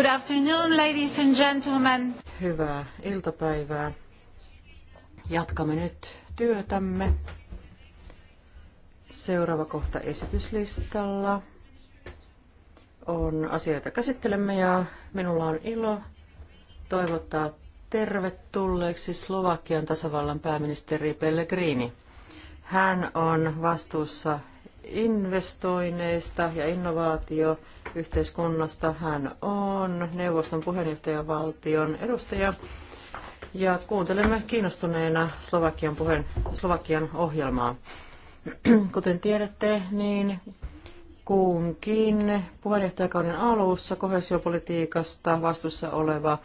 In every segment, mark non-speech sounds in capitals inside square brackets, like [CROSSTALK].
Good afternoon, ladies and gentlemen. Hyvää iltapäivää. Jatkamme nyt työtämme. Seuraava kohta esityslistalla on asioita käsittelemme ja minulla on ilo toivottaa tervetulleeksi Slovakian tasavallan pääministeri Pellegrini. Hän on vastuussa investoinneista ja innovaatioyhteiskunnasta. Hän on neuvoston puheenjohtajavaltion edustaja. Ja kuuntelemme kiinnostuneena Slovakian, puheen, Slovakian ohjelmaa. [CLEARS THROAT] Kuten tiedätte, niin kunkin puheenjohtajakauden alussa kohesiopolitiikasta vastuussa oleva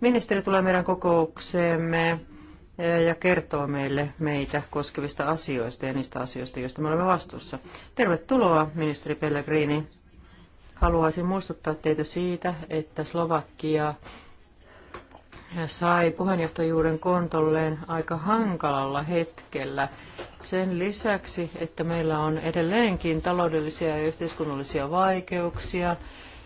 ministeri tulee meidän kokoukseemme Eh, ja kertoo meille meitä koskevista asioista ja niistä asioista, joista me olemme vastuussa. Tervetuloa, ministeri Pellegrini. Haluaisin muistuttaa teitä siitä, että Slovakia sai puheenjohtajuuden kontolleen aika hankalalla hetkellä. Sen lisäksi, että meillä on edelleenkin taloudellisia ja yhteiskunnallisia vaikeuksia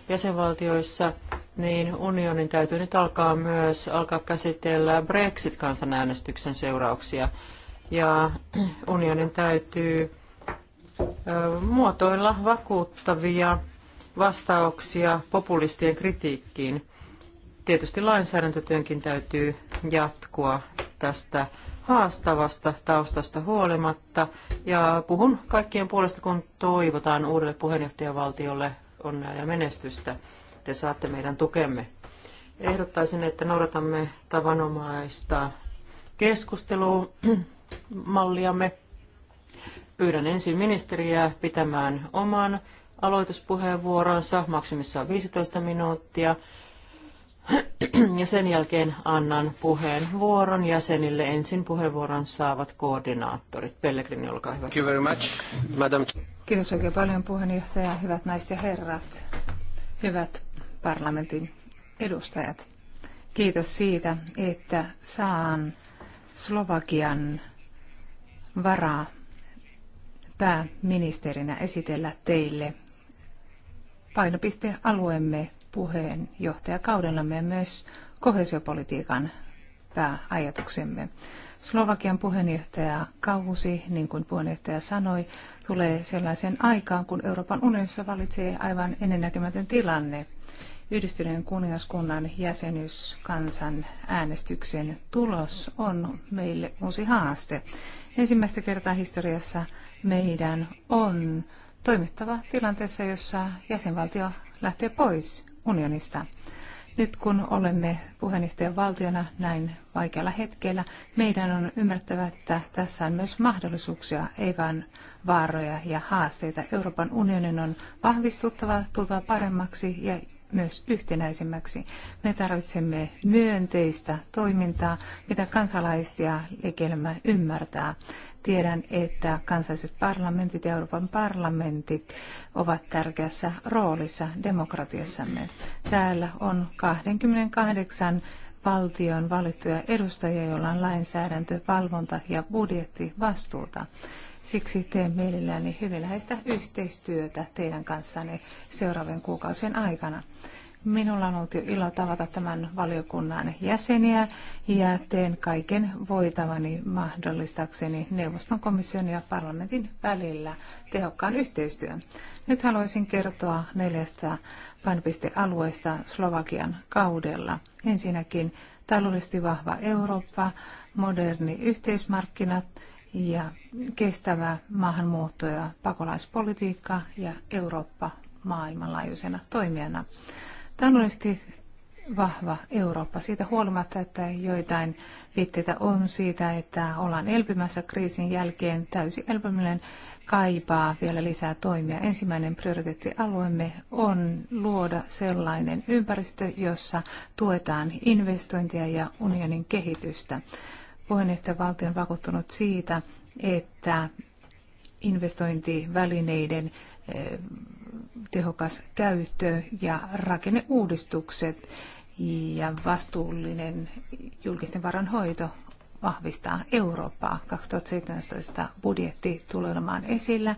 jäsenvaltioissa, niin unionin täytyy nyt alkaa myös alkaa käsitellä Brexit-kansanäänestyksen seurauksia. Ja [CLEARS THROAT] unionin täytyy muotoilla vakuuttavia vastauksia populistien kritiikkiin. Tietysti lainsäädäntötyönkin täytyy jatkua tästä haastavasta taustasta huolimatta. Ja puhun kaikkien puolesta, kun toivotaan uudelle puheenjohtajavaltiolle onnea ja menestystä te saatte meidän tukemme. Ehdottaisin, että noudatamme tavanomaista keskustelumalliamme. Pyydän ensin ministeriä pitämään oman aloituspuheenvuoronsa, maksimissaan 15 minuuttia. Ja sen jälkeen annan puheenvuoron jäsenille. Ensin puheenvuoron saavat koordinaattorit. Pellegrini, olkaa hyvä. Thank you very much, madam. Kiitos oikein paljon puheenjohtaja. Hyvät naiset ja herrat. Hyvät parlamentin edustajat. Kiitos siitä, että saan Slovakian varaa pääministerinä esitellä teille painopistealueemme puheenjohtajakaudellamme ja myös kohesiopolitiikan pääajatuksemme. Slovakian puheenjohtaja Kauhusi, niin kuin puheenjohtaja sanoi, tulee sellaisen aikaan, kun Euroopan unionissa valitsee aivan ennennäkemätön tilanne. Yhdistyneen kuningaskunnan jäsenyyskansan äänestyksen tulos on meille uusi haaste. Ensimmäistä kertaa historiassa meidän on toimittava tilanteessa, jossa jäsenvaltio lähtee pois unionista. Nyt kun olemme puheenjohtajan valtiona näin vaikealla hetkellä, meidän on ymmärrettävä, että tässä on myös mahdollisuuksia, ei vain vaaroja ja haasteita. Euroopan unionin on vahvistuttava, tultava paremmaksi ja myös yhtenäisemmäksi. Me tarvitsemme myönteistä toimintaa, mitä kansalaiset ja liikelmä ymmärtää. Tiedän, että kansalliset parlamentit ja Euroopan parlamentit ovat tärkeässä roolissa demokratiassamme. Täällä on 28 valtion valittuja edustajia, joilla on lainsäädäntö, valvonta ja budjettivastuuta. vastuuta Siksi teen mielelläni hyvin läheistä yhteistyötä teidän kanssanne seuraavien kuukausien aikana. Minulla on ollut jo ilo tavata tämän valiokunnan jäseniä ja teen kaiken voitavani mahdollistakseni neuvoston komission ja parlamentin välillä tehokkaan yhteistyön. Nyt haluaisin kertoa neljästä painopistealueesta Slovakian kaudella. Ensinnäkin taloudellisesti vahva Eurooppa, moderni yhteismarkkinat, ja kestävä maahanmuutto ja pakolaispolitiikka ja Eurooppa maailmanlaajuisena toimijana. Taloudellisesti vahva Eurooppa siitä huolimatta, että joitain viitteitä on siitä, että ollaan elpymässä kriisin jälkeen. Täysi elpyminen kaipaa vielä lisää toimia. Ensimmäinen prioriteettialueemme on luoda sellainen ympäristö, jossa tuetaan investointia ja unionin kehitystä valtio on vakuuttunut siitä, että investointivälineiden eh, tehokas käyttö ja rakenneuudistukset ja vastuullinen julkisten hoito vahvistaa Eurooppaa. 2017 budjetti tulee olemaan esillä.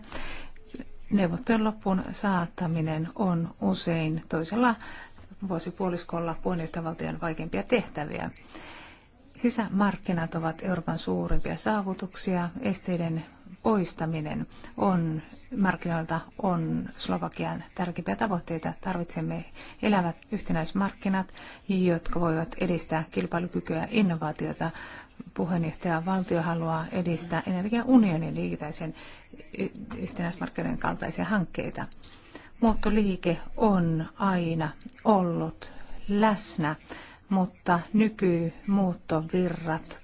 Neuvottelun loppuun saattaminen on usein toisella vuosipuoliskolla puheenjohtajavaltion vaikeimpia tehtäviä. Sisämarkkinat ovat Euroopan suurimpia saavutuksia. Esteiden poistaminen on, markkinoilta on Slovakian tärkeimpiä tavoitteita. Tarvitsemme elävät yhtenäismarkkinat, jotka voivat edistää kilpailukykyä ja innovaatiota. Puheenjohtaja valtio haluaa edistää energiaunionin liikitäisen yhtenäismarkkinoiden kaltaisia hankkeita. Muuttoliike on aina ollut läsnä mutta nykymuuttovirrat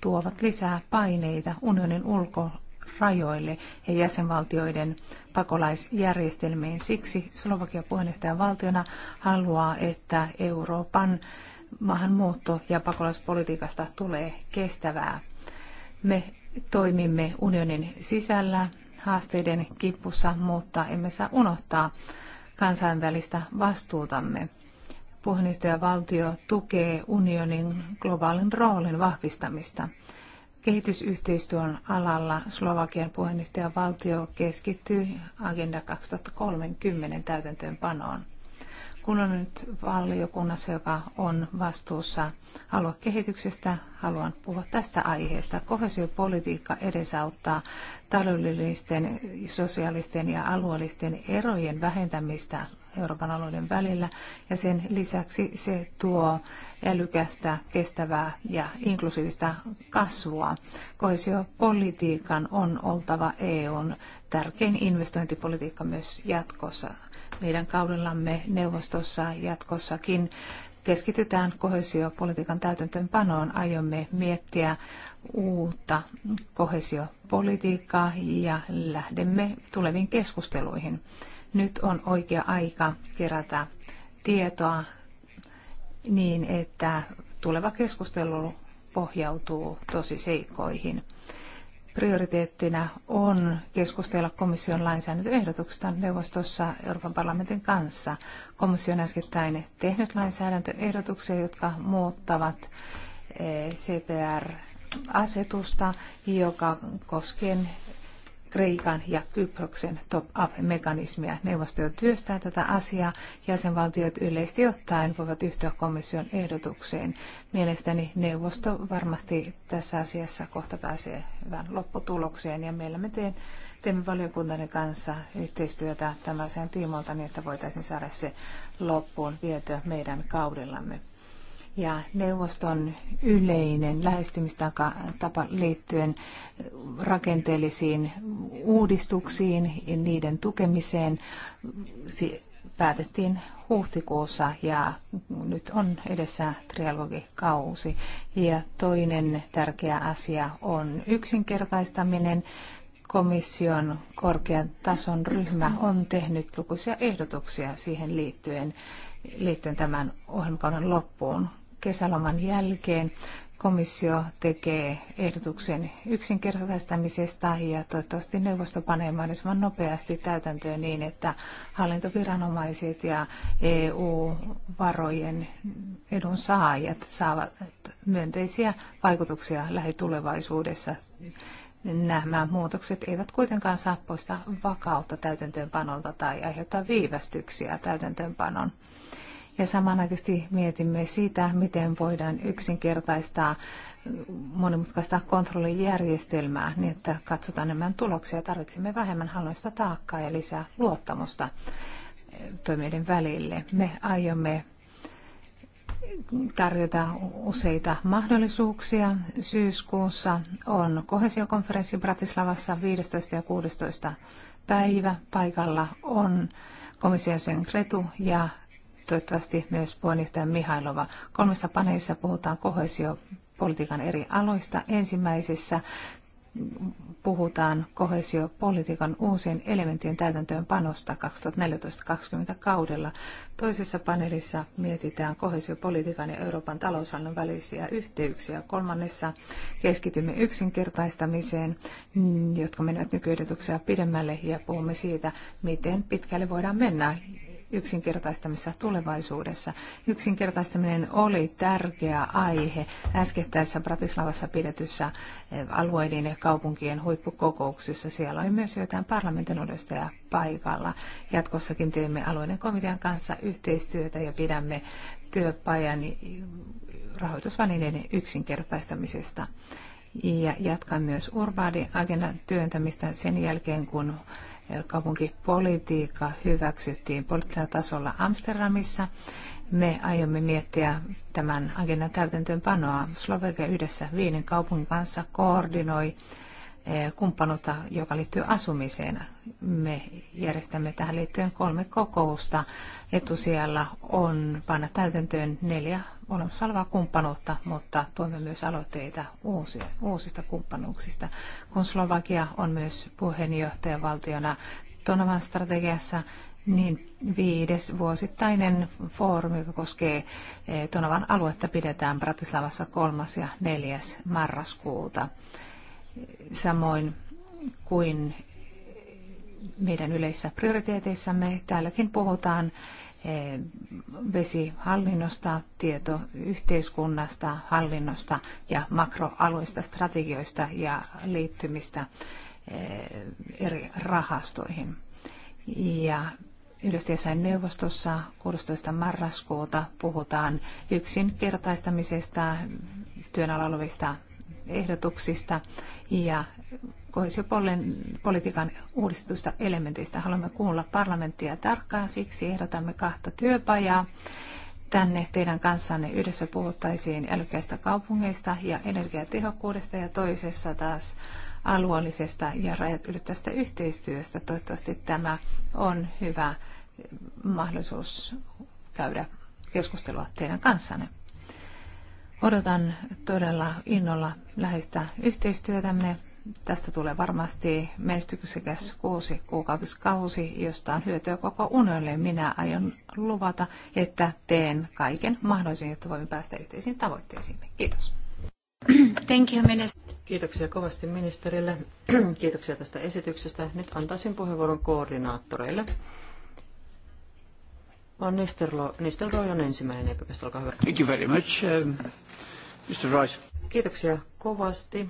tuovat lisää paineita unionin ulkorajoille ja jäsenvaltioiden pakolaisjärjestelmiin. Siksi Slovakia puheenjohtajan valtiona haluaa, että Euroopan maahanmuutto- ja pakolaispolitiikasta tulee kestävää. Me toimimme unionin sisällä haasteiden kipussa, mutta emme saa unohtaa kansainvälistä vastuutamme puheenjohtajavaltio tukee unionin globaalin roolin vahvistamista. Kehitysyhteistyön alalla Slovakian puheenjohtajavaltio keskittyy Agenda 2030 täytäntöönpanoon. Kun on nyt valiokunnassa, joka on vastuussa aluekehityksestä, haluan puhua tästä aiheesta. Kohesiopolitiikka edesauttaa taloudellisten, sosiaalisten ja alueellisten erojen vähentämistä Euroopan alueiden välillä. Ja sen lisäksi se tuo älykästä, kestävää ja inklusiivista kasvua. Kohesiopolitiikan on oltava EUn tärkein investointipolitiikka myös jatkossa. Meidän kaudellamme neuvostossa jatkossakin keskitytään kohesiopolitiikan täytäntöönpanoon, aiomme miettiä uutta kohesiopolitiikkaa ja lähdemme tuleviin keskusteluihin. Nyt on oikea aika kerätä tietoa niin, että tuleva keskustelu pohjautuu tosi seikkoihin. Prioriteettina on keskustella komission lainsäädäntöehdotuksesta neuvostossa Euroopan parlamentin kanssa. Komissio on äskettäin tehnyt lainsäädäntöehdotuksia, jotka muuttavat eh, CPR-asetusta, joka koskee. Kreikan ja Kyproksen top-up-mekanismia. Neuvosto jo työstää tätä asiaa. Jäsenvaltiot yleisesti ottaen voivat yhtyä komission ehdotukseen. Mielestäni neuvosto varmasti tässä asiassa kohta pääsee hyvän lopputulokseen ja meillä me teen, teemme valiokuntani kanssa yhteistyötä tämän asian tiimoilta niin, että voitaisiin saada se loppuun vietyä meidän kaudellamme ja neuvoston yleinen lähestymistapa liittyen rakenteellisiin uudistuksiin ja niiden tukemiseen päätettiin huhtikuussa ja nyt on edessä trialogikausi. Ja toinen tärkeä asia on yksinkertaistaminen. Komission korkean tason ryhmä on tehnyt lukuisia ehdotuksia siihen liittyen, liittyen tämän ohjelmakauden loppuun kesäloman jälkeen komissio tekee ehdotuksen yksinkertaistamisesta ja toivottavasti neuvosto panee mahdollisimman nopeasti täytäntöön niin, että hallintoviranomaiset ja EU-varojen edunsaajat saavat myönteisiä vaikutuksia lähitulevaisuudessa. Nämä muutokset eivät kuitenkaan saa poistaa vakautta täytäntöönpanolta tai aiheuttaa viivästyksiä täytäntöönpanon. Ja samanaikaisesti mietimme sitä, miten voidaan yksinkertaistaa monimutkaista kontrollijärjestelmää niin, että katsotaan enemmän tuloksia. Tarvitsemme vähemmän hallinnollista taakkaa ja lisää luottamusta toimijoiden välille. Me aiomme tarjota useita mahdollisuuksia. Syyskuussa on kohesiokonferenssi Bratislavassa 15. ja 16. päivä. Paikalla on komission sen Kretu ja toivottavasti myös puheenjohtaja Mihailova. Kolmessa paneelissa puhutaan kohesiopolitiikan eri aloista. Ensimmäisessä puhutaan kohesiopolitiikan uusien elementtien täytäntöönpanosta 2014-2020 kaudella. Toisessa paneelissa mietitään kohesiopolitiikan ja Euroopan taloushallinnon välisiä yhteyksiä. Kolmannessa keskitymme yksinkertaistamiseen, jotka menevät nykyehdotuksia pidemmälle ja puhumme siitä, miten pitkälle voidaan mennä yksinkertaistamisessa tulevaisuudessa. Yksinkertaistaminen oli tärkeä aihe äskettäessä Bratislavassa pidetyssä eh, alueiden ja kaupunkien huippukokouksessa. Siellä oli myös joitain parlamentin edustajia paikalla. Jatkossakin teemme alueiden komitean kanssa yhteistyötä ja pidämme työpajan rahoitusvälineiden yksinkertaistamisesta ja jatkan myös urbaadi agendan työntämistä sen jälkeen, kun kaupunkipolitiikka hyväksyttiin poliittisella tasolla Amsterdamissa. Me aiomme miettiä tämän agendan täytäntöönpanoa. Slovakia yhdessä Viinin kaupungin kanssa koordinoi Eh, kumppanuutta, joka liittyy asumiseen. Me järjestämme tähän liittyen kolme kokousta. Etusijalla on panna täytäntöön neljä olemassa olevaa kumppanuutta, mutta tuomme myös aloitteita uusia, uusista kumppanuuksista. Kun Slovakia on myös puheenjohtajavaltiona Tonavan strategiassa, niin viides vuosittainen foorumi, joka koskee eh, Tonavan aluetta, pidetään Bratislavassa 3. ja 4. marraskuuta samoin kuin meidän yleisissä prioriteeteissamme. Täälläkin puhutaan eh, vesihallinnosta, tietoyhteiskunnasta, hallinnosta ja makroalueista strategioista ja liittymistä eh, eri rahastoihin. Ja Yhdistyjäsain neuvostossa 16. marraskuuta puhutaan yksinkertaistamisesta työn alla olevista ehdotuksista ja kohesiopolitiikan uudistusta elementistä. Haluamme kuulla parlamenttia tarkkaan, siksi ehdotamme kahta työpajaa. Tänne teidän kanssanne yhdessä puhuttaisiin älykkäistä kaupungeista ja energiatehokkuudesta ja toisessa taas alueellisesta ja rajat ylittävästä yhteistyöstä. Toivottavasti tämä on hyvä mahdollisuus käydä keskustelua teidän kanssanne. Odotan todella innolla läheistä yhteistyötämme. Tästä tulee varmasti menestyksekäs kuusi kuukautiskausi, josta on hyötyä koko unelle. Minä aion luvata, että teen kaiken mahdollisen, jotta voimme päästä yhteisiin tavoitteisiimme. Kiitos. Thank you, minister. Kiitoksia kovasti ministerille. [CLEARS THROAT] Kiitoksia tästä esityksestä. Nyt antaisin puheenvuoron koordinaattoreille. Van Nistelrooy on ensimmäinen epäkästä, olkaa hyvä. Thank you very much, um, Mr. Rice. Kiitoksia kovasti.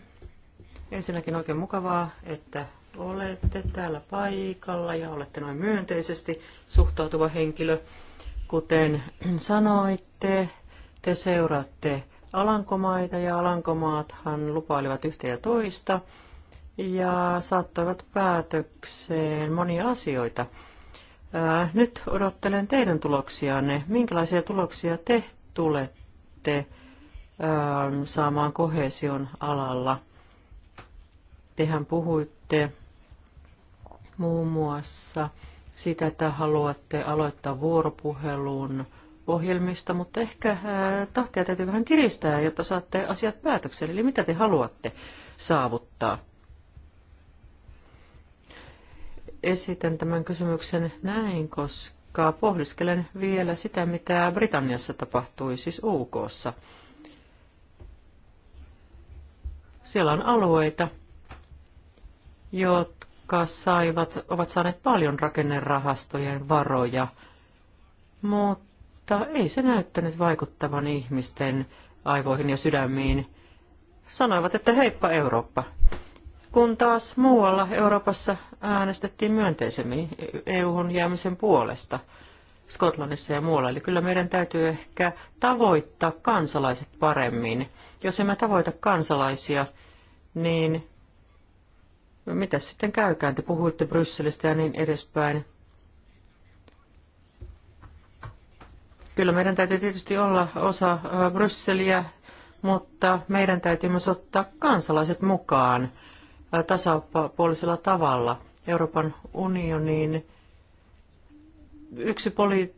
Ensinnäkin oikein mukavaa, että olette täällä paikalla ja olette noin myönteisesti suhtautuva henkilö. Kuten sanoitte, te seuraatte Alankomaita ja Alankomaathan lupailivat yhtä ja toista ja saattoivat päätökseen monia asioita – Ää, nyt odottelen teidän tuloksianne. Minkälaisia tuloksia te tulette ää, saamaan kohesion alalla? Tehän puhuitte muun muassa sitä, että haluatte aloittaa vuoropuhelun ohjelmista, mutta ehkä ää, tahtia täytyy vähän kiristää, jotta saatte asiat päätökselle. Eli mitä te haluatte saavuttaa? esitän tämän kysymyksen näin, koska pohdiskelen vielä sitä, mitä Britanniassa tapahtui, siis UKssa. Siellä on alueita, jotka saivat, ovat saaneet paljon rakennerahastojen varoja, mutta ei se näyttänyt vaikuttavan ihmisten aivoihin ja sydämiin. Sanoivat, että heippa Eurooppa, kun taas muualla Euroopassa äänestettiin myönteisemmin EU-hun jäämisen puolesta Skotlannissa ja muualla. Eli kyllä meidän täytyy ehkä tavoittaa kansalaiset paremmin. Jos emme tavoita kansalaisia, niin mitä sitten käykään? Te puhuitte Brysselistä ja niin edespäin. Kyllä meidän täytyy tietysti olla osa Brysseliä, mutta meidän täytyy myös ottaa kansalaiset mukaan – tasapuolisella tavalla Euroopan unioniin. Yksi poli-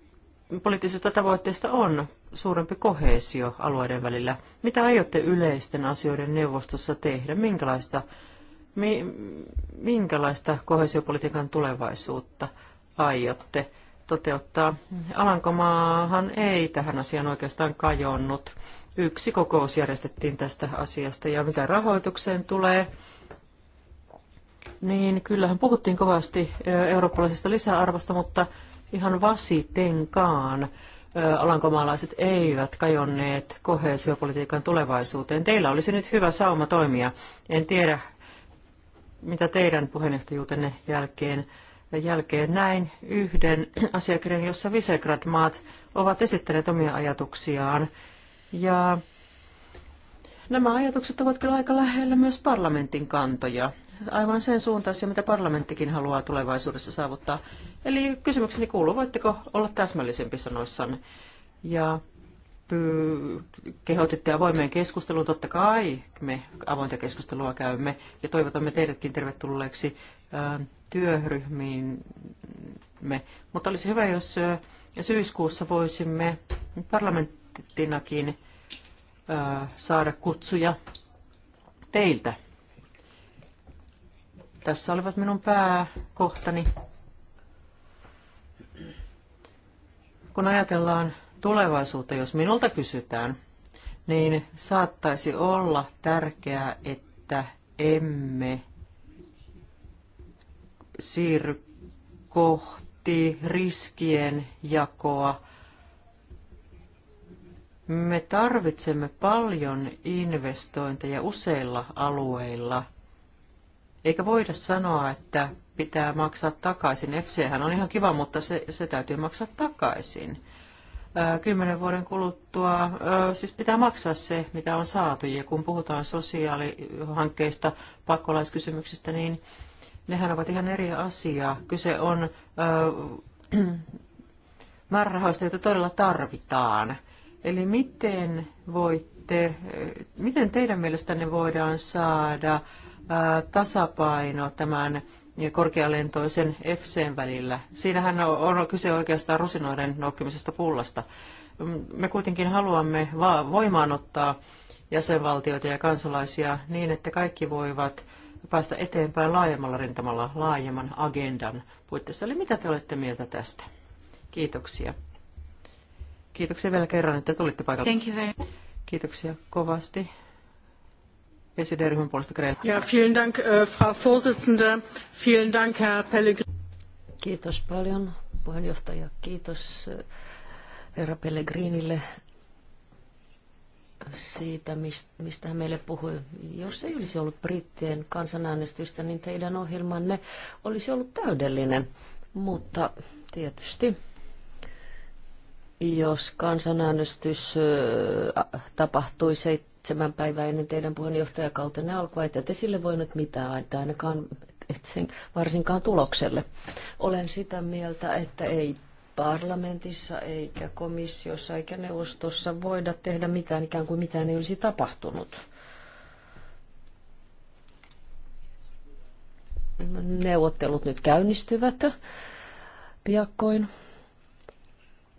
poliittisista tavoitteista on suurempi kohesio alueiden välillä. Mitä aiotte yleisten asioiden neuvostossa tehdä? Minkälaista, mi, minkälaista kohesiopolitiikan tulevaisuutta aiotte toteuttaa? Alankomaahan ei tähän asiaan oikeastaan kajonnut. Yksi kokous järjestettiin tästä asiasta ja mitä rahoitukseen tulee, niin kyllähän puhuttiin kovasti eurooppalaisesta lisäarvosta, mutta ihan vasitenkaan alankomaalaiset eivät kajonneet kohesiopolitiikan tulevaisuuteen. Teillä olisi nyt hyvä sauma toimia. En tiedä, mitä teidän puheenjohtajuutenne jälkeen, jälkeen näin yhden [CLEARS THROAT] asiakirjan, jossa Visegrad-maat ovat esittäneet omia ajatuksiaan. Ja Nämä ajatukset ovat kyllä aika lähellä myös parlamentin kantoja. Aivan sen suuntaisia, mitä parlamenttikin haluaa tulevaisuudessa saavuttaa. Eli kysymykseni kuuluu, voitteko olla täsmällisempi sanoissanne? Ja kehotitte avoimeen keskusteluun, totta kai me avointa keskustelua käymme ja toivotamme teidätkin tervetulleeksi työryhmiimme. Mutta olisi hyvä, jos syyskuussa voisimme parlamenttinakin saada kutsuja teiltä. Tässä olivat minun pääkohtani. Kun ajatellaan tulevaisuutta, jos minulta kysytään, niin saattaisi olla tärkeää, että emme siirry kohti riskien jakoa me tarvitsemme paljon investointeja useilla alueilla, eikä voida sanoa, että pitää maksaa takaisin. FChän on ihan kiva, mutta se, se täytyy maksaa takaisin. Kymmenen vuoden kuluttua siis pitää maksaa se, mitä on saatu. Ja kun puhutaan sosiaalihankkeista, pakolaiskysymyksistä, niin nehän ovat ihan eri asia. Kyse on [CLEARS THROAT] määrärahoista, joita todella tarvitaan. Eli miten voitte, miten teidän mielestänne voidaan saada tasapaino tämän korkealentoisen FCn välillä? Siinähän on kyse oikeastaan rusinoiden nokkimisesta pullasta. Me kuitenkin haluamme ottaa jäsenvaltioita ja kansalaisia niin, että kaikki voivat päästä eteenpäin laajemmalla rintamalla laajemman agendan puitteissa. Eli mitä te olette mieltä tästä? Kiitoksia. Kiitoksia vielä kerran, että tulitte paikalle. Thank you very much. Kiitoksia kovasti. SED-ryhmän puolesta Krell. Ja, vielen Dank, äh, Frau Vorsitzende. Vielen Dank, Herr Pellegrini. Kiitos paljon, puheenjohtaja. Kiitos äh, herra Pellegrinille siitä, mistä hän meille puhui. Jos ei olisi ollut brittien kansanäänestystä, niin teidän ohjelmanne olisi ollut täydellinen. Mutta tietysti jos kansanäänestys tapahtui seitsemän päivää ennen teidän ne alkoi, että te sille nyt mitään, että ainakaan et sen, varsinkaan tulokselle. Olen sitä mieltä, että ei parlamentissa eikä komissiossa eikä neuvostossa voida tehdä mitään, ikään kuin mitään ei olisi tapahtunut. Neuvottelut nyt käynnistyvät piakkoin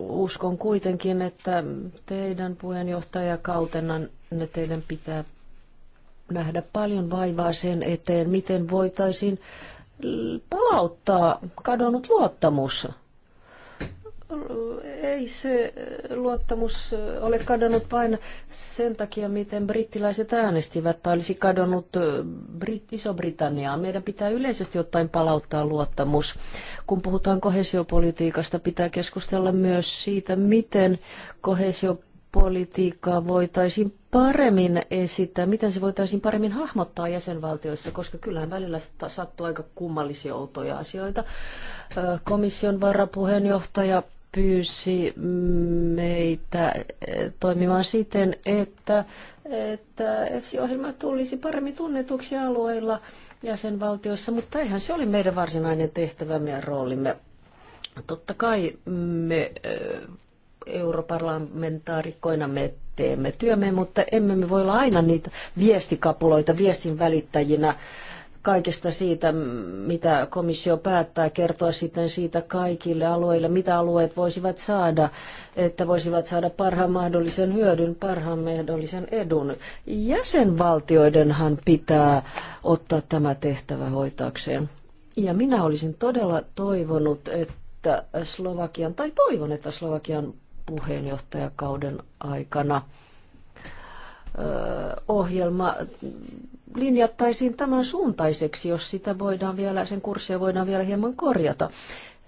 uskon kuitenkin, että teidän puheenjohtajakautenanne teidän pitää nähdä paljon vaivaa sen eteen, miten voitaisiin palauttaa kadonnut luottamus ei se luottamus ole kadonnut vain sen takia, miten brittiläiset äänestivät, tai olisi kadonnut Brit- Iso-Britanniaa. Meidän pitää yleisesti ottaen palauttaa luottamus. Kun puhutaan kohesiopolitiikasta, pitää keskustella myös siitä, miten kohesiopolitiikkaa voitaisiin paremmin esittää, miten se voitaisiin paremmin hahmottaa jäsenvaltioissa, koska kyllähän välillä sattuu aika kummallisia outoja asioita. Komission varapuheenjohtaja pyysi meitä eh, toimimaan siten, että, että EFSI-ohjelma tulisi paremmin tunnetuksi alueilla valtiossa, mutta eihän se oli meidän varsinainen tehtävämme ja roolimme. Totta kai me eh, europarlamentaarikkoina me teemme työmme, mutta emme me voi olla aina niitä viestikapuloita, viestin välittäjinä kaikesta siitä, mitä komissio päättää, kertoa sitten siitä kaikille alueille, mitä alueet voisivat saada, että voisivat saada parhaan mahdollisen hyödyn, parhaan mahdollisen edun. Jäsenvaltioidenhan pitää ottaa tämä tehtävä hoitaakseen. Ja minä olisin todella toivonut, että Slovakian, tai toivon, että Slovakian puheenjohtajakauden aikana ohjelma linjattaisiin tämän suuntaiseksi, jos sitä voidaan vielä, sen kurssia voidaan vielä hieman korjata.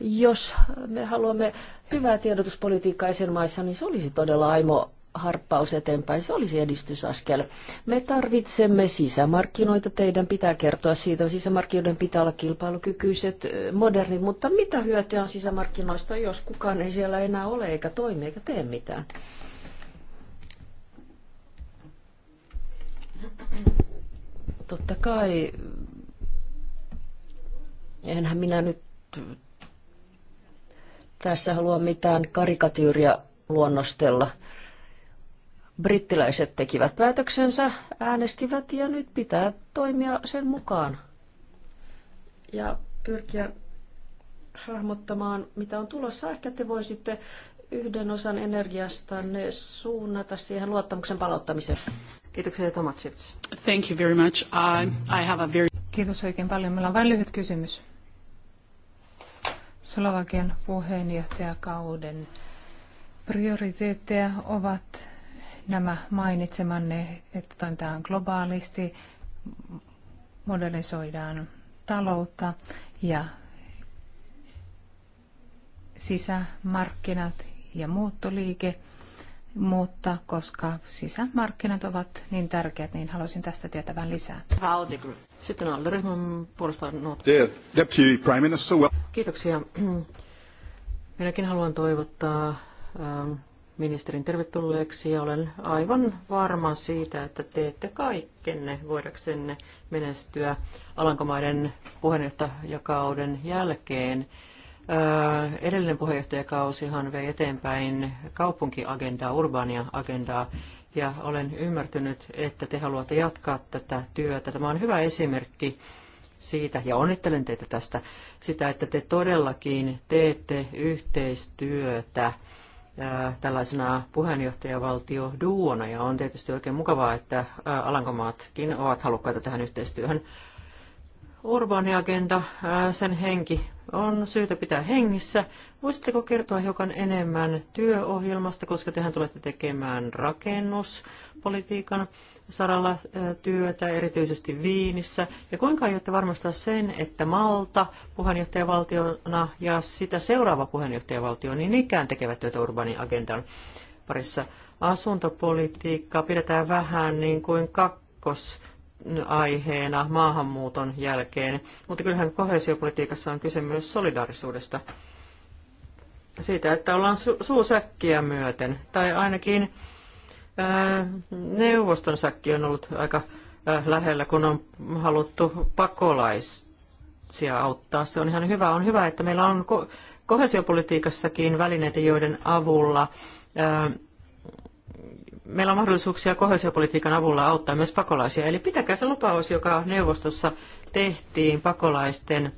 Jos me haluamme hyvää tiedotuspolitiikkaa jäsenmaissa, niin se olisi todella aimo harppaus eteenpäin, se olisi edistysaskel. Me tarvitsemme sisämarkkinoita, teidän pitää kertoa siitä, sisämarkkinoiden pitää olla kilpailukykyiset, modernit, mutta mitä hyötyä on sisämarkkinoista, jos kukaan ei siellä enää ole, eikä toimi, eikä tee mitään? Totta kai, enhän minä nyt tässä halua mitään karikatyyriä luonnostella. Brittiläiset tekivät päätöksensä, äänestivät ja nyt pitää toimia sen mukaan. Ja pyrkiä hahmottamaan, mitä on tulossa. Ehkä te voisitte yhden osan energiastanne suunnata siihen luottamuksen palauttamiseen? Kiitoksia Tomacic. Thank you very much. I, I have a very... Kiitos oikein paljon. Meillä on vain lyhyt kysymys. Slovakian puheenjohtajakauden prioriteetteja ovat nämä mainitsemanne, että toimitaan globaalisti, modernisoidaan taloutta ja sisämarkkinat ja muuttoliike, mutta koska sisämarkkinat ovat niin tärkeät, niin haluaisin tästä tietää vähän lisää. Sitten on ryhmän puolesta Kiitoksia. Minäkin haluan toivottaa ähm, ministerin tervetulleeksi ja olen aivan varma siitä, että teette kaikkenne voidaksenne menestyä Alankomaiden puheenjohtajakauden jälkeen. Edellinen puheenjohtajakausihan vei eteenpäin kaupunkiagendaa, urbaania agendaa, ja olen ymmärtänyt, että te haluatte jatkaa tätä työtä. Tämä on hyvä esimerkki siitä, ja onnittelen teitä tästä, sitä, että te todellakin teette yhteistyötä tällaisena puheenjohtajavaltio duona, ja on tietysti oikein mukavaa, että Alankomaatkin ovat halukkaita tähän yhteistyöhön. urbana-agenda sen henki on syytä pitää hengissä. Voisitteko kertoa hiukan enemmän työohjelmasta, koska tehän tulette tekemään rakennuspolitiikan saralla työtä, erityisesti Viinissä. Ja kuinka aiotte varmistaa sen, että Malta puheenjohtajavaltiona ja sitä seuraava puheenjohtajavaltio niin ikään tekevät työtä urbanin agendan parissa? Asuntopolitiikkaa pidetään vähän niin kuin kakkos aiheena maahanmuuton jälkeen, mutta kyllähän kohesiopolitiikassa on kyse myös solidaarisuudesta. Siitä, että ollaan su- suusäkkiä myöten, tai ainakin ää, neuvoston säkki on ollut aika ää, lähellä, kun on haluttu pakolaisia auttaa. Se on ihan hyvä. On hyvä, että meillä on ko- kohesiopolitiikassakin välineitä, joiden avulla ää, meillä on mahdollisuuksia kohesiopolitiikan avulla auttaa myös pakolaisia. Eli pitäkää se lupaus, joka neuvostossa tehtiin pakolaisten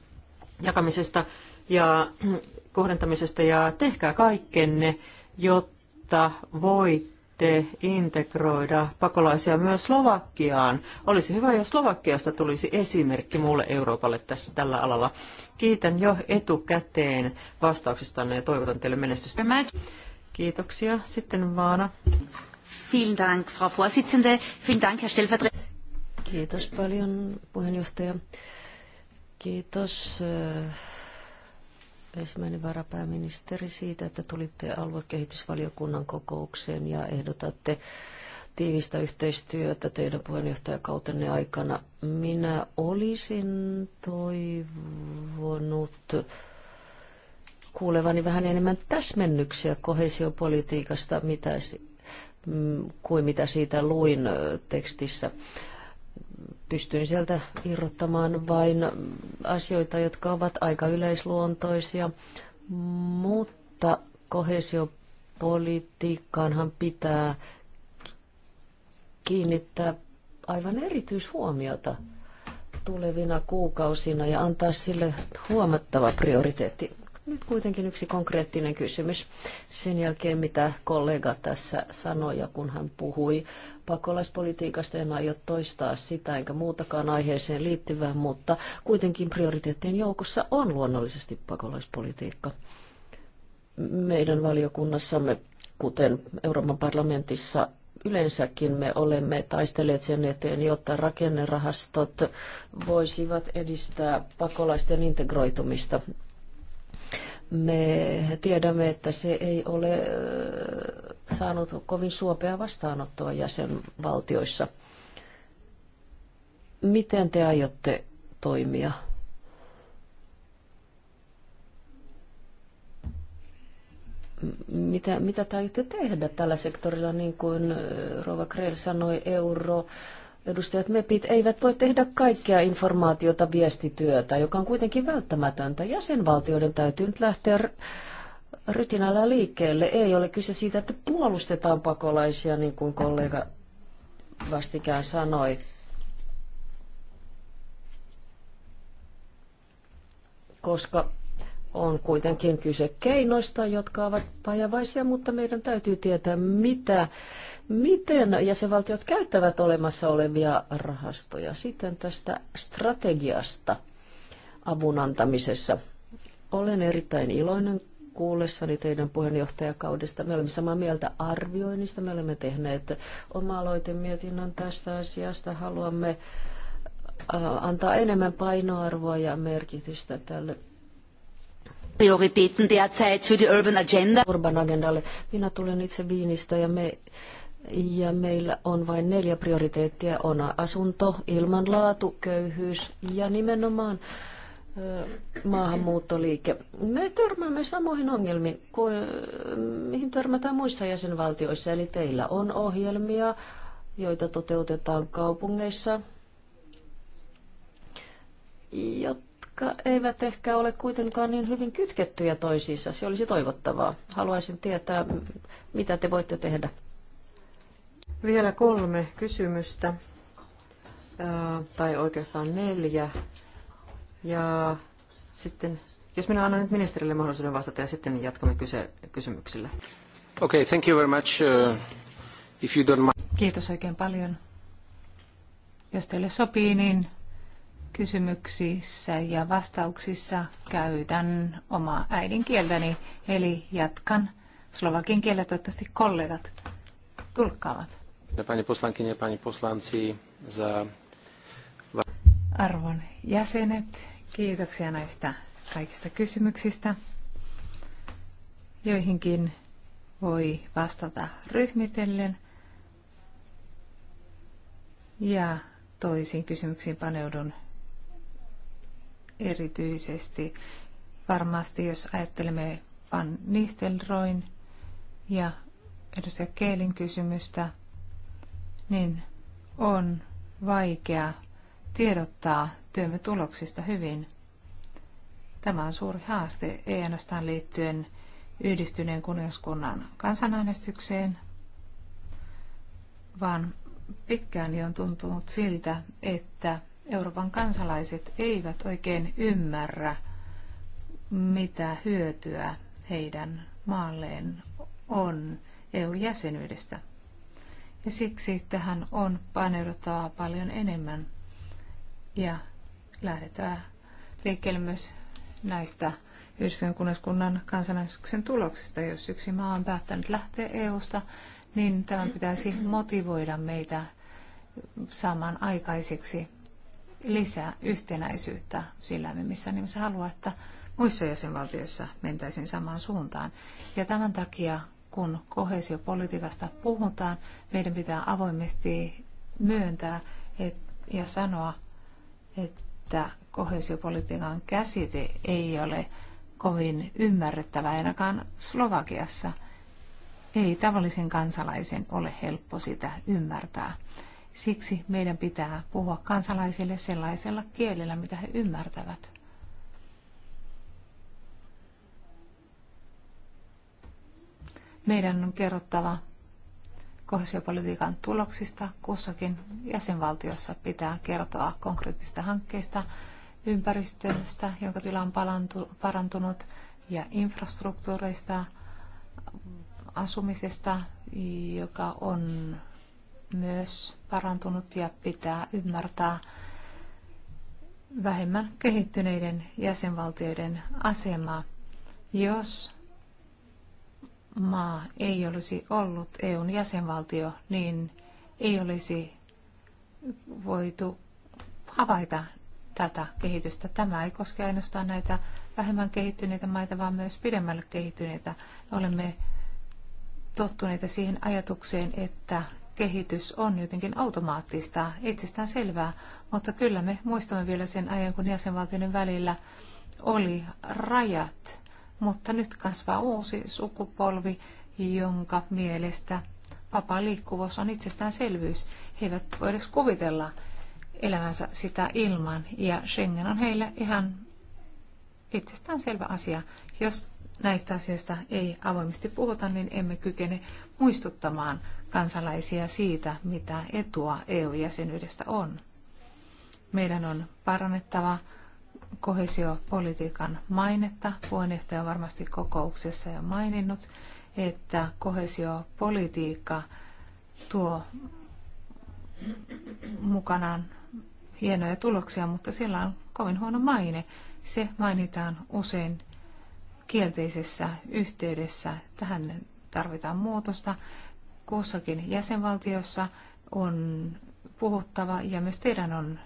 jakamisesta ja [CLEARS THROAT] kohdentamisesta ja tehkää kaikkenne, jotta voitte integroida pakolaisia myös Slovakiaan. Olisi hyvä, jos Slovakiasta tulisi esimerkki muulle Euroopalle tässä, tällä alalla. Kiitän jo etukäteen vastauksestanne ja toivotan teille menestystä. Kiitoksia. Sitten Vaana. Vielen Dank, Frau Vorsitzende. Vielen Dank, Herr Stellvertreter. Kiitos paljon, puheenjohtaja. Kiitos äh, ensimmäinen varapääministeri siitä, että tulitte aluekehitysvaliokunnan kokoukseen ja ehdotatte tiivistä yhteistyötä teidän puheenjohtajakautenne aikana. Minä olisin toivonut kuulevani vähän enemmän täsmennyksiä kohesiopolitiikasta, mitä kuin mitä siitä luin tekstissä. Pystyin sieltä irrottamaan vain asioita, jotka ovat aika yleisluontoisia, mutta kohesiopolitiikkaanhan pitää kiinnittää aivan erityishuomiota tulevina kuukausina ja antaa sille huomattava prioriteetti. Nyt kuitenkin yksi konkreettinen kysymys sen jälkeen, mitä kollega tässä sanoi ja kun hän puhui pakolaispolitiikasta. En aio toistaa sitä enkä muutakaan aiheeseen liittyvää, mutta kuitenkin prioriteettien joukossa on luonnollisesti pakolaispolitiikka. Meidän valiokunnassamme, kuten Euroopan parlamentissa yleensäkin me olemme taistelleet sen eteen, jotta rakennerahastot voisivat edistää pakolaisten integroitumista me tiedämme, että se ei ole saanut kovin suopea vastaanottoa jäsenvaltioissa. Miten te aiotte toimia? Mitä, mitä te aiotte tehdä tällä sektorilla, niin kuin Rova Krell sanoi, euro edustajat MEPit eivät voi tehdä kaikkea informaatiota viestityötä, joka on kuitenkin välttämätöntä. Jäsenvaltioiden täytyy nyt lähteä rytinällä liikkeelle. Ei ole kyse siitä, että puolustetaan pakolaisia, niin kuin kollega vastikään sanoi. Koska on kuitenkin kyse keinoista, jotka ovat vajavaisia, mutta meidän täytyy tietää, mitä, miten jäsenvaltiot käyttävät olemassa olevia rahastoja. Sitten tästä strategiasta avun antamisessa. Olen erittäin iloinen kuullessani teidän puheenjohtajakaudesta. Me olemme samaa mieltä arvioinnista. Me olemme tehneet oma-aloitemietinnön tästä asiasta. Haluamme äh, antaa enemmän painoarvoa ja merkitystä tälle Prioritäten derzeit für die Urban Agenda. Urban Agendalle. Minä tulen itse Viinistä ja me ja meillä on vain neljä prioriteettia. On asunto, ilmanlaatu, köyhyys ja nimenomaan maahanmuuttoliike. Me törmäämme samoihin ongelmiin kuin mihin törmätään muissa jäsenvaltioissa. Eli teillä on ohjelmia, joita toteutetaan kaupungeissa, jotta jotka eivät ehkä ole kuitenkaan niin hyvin kytkettyjä toisiinsa. Se olisi toivottavaa. Haluaisin tietää, mitä te voitte tehdä. Vielä kolme kysymystä, tai oikeastaan neljä. Ja sitten, jos minä annan nyt ministerille mahdollisuuden vastata, ja sitten jatkamme kyse- kysymyksillä. Okay, thank you very much. Uh, if you don't mind. Kiitos oikein paljon. Jos teille sopii, niin kysymyksissä ja vastauksissa käytän omaa äidinkieltäni, eli jatkan slovakin kielellä toivottavasti kollegat tulkkaavat. Pani poslankine, pani poslanci, za... Arvon jäsenet, kiitoksia näistä kaikista kysymyksistä. Joihinkin voi vastata ryhmitellen ja toisiin kysymyksiin paneudun erityisesti. Varmasti jos ajattelemme Van Nistelroin ja edustaja Keelin kysymystä, niin on vaikea tiedottaa työmme tuloksista hyvin. Tämä on suuri haaste, ei ainoastaan liittyen yhdistyneen kuningaskunnan kansanäänestykseen, vaan pitkään jo on tuntunut siltä, että Euroopan kansalaiset eivät oikein ymmärrä, mitä hyötyä heidän maalleen on EU-jäsenyydestä. Ja siksi tähän on paneuduttava paljon enemmän ja lähdetään liikkeelle myös näistä yhdistyneen kansanäänestyksen tuloksista. Jos yksi maa on päättänyt lähteä EU-sta, niin tämän pitäisi motivoida meitä saamaan aikaiseksi lisää yhtenäisyyttä sillä, missä nimessä haluaa, että muissa jäsenvaltioissa mentäisiin samaan suuntaan. Ja tämän takia, kun kohesiopolitiikasta puhutaan, meidän pitää avoimesti myöntää et, ja sanoa, että kohesiopolitiikan käsite ei ole kovin ymmärrettävä ainakaan Slovakiassa. Ei tavallisen kansalaisen ole helppo sitä ymmärtää. Siksi meidän pitää puhua kansalaisille sellaisella kielellä, mitä he ymmärtävät. Meidän on kerrottava kohesiopolitiikan tuloksista kussakin jäsenvaltiossa pitää kertoa konkreettista hankkeista, ympäristöstä, jonka tila on parantunut, ja infrastruktuureista, asumisesta, joka on myös parantunut ja pitää ymmärtää vähemmän kehittyneiden jäsenvaltioiden asemaa. Jos maa ei olisi ollut EUn jäsenvaltio, niin ei olisi voitu havaita tätä kehitystä. Tämä ei koske ainoastaan näitä vähemmän kehittyneitä maita, vaan myös pidemmälle kehittyneitä. Olemme tottuneita siihen ajatukseen, että kehitys on jotenkin automaattista, itsestään selvää, mutta kyllä me muistamme vielä sen ajan, kun jäsenvaltioiden välillä oli rajat, mutta nyt kasvaa uusi sukupolvi, jonka mielestä vapaa liikkuvuus on itsestäänselvyys. He eivät voi edes kuvitella elämänsä sitä ilman, ja Schengen on heille ihan itsestäänselvä asia. Jos näistä asioista ei avoimesti puhuta, niin emme kykene muistuttamaan kansalaisia siitä, mitä etua EU-jäsenyydestä on. Meidän on parannettava kohesiopolitiikan mainetta. Puheenjohtaja on varmasti kokouksessa jo maininnut, että kohesiopolitiikka tuo mukanaan hienoja tuloksia, mutta sillä on kovin huono maine. Se mainitaan usein kielteisessä yhteydessä. Tähän tarvitaan muutosta kussakin jäsenvaltiossa on puhuttava ja myös teidän on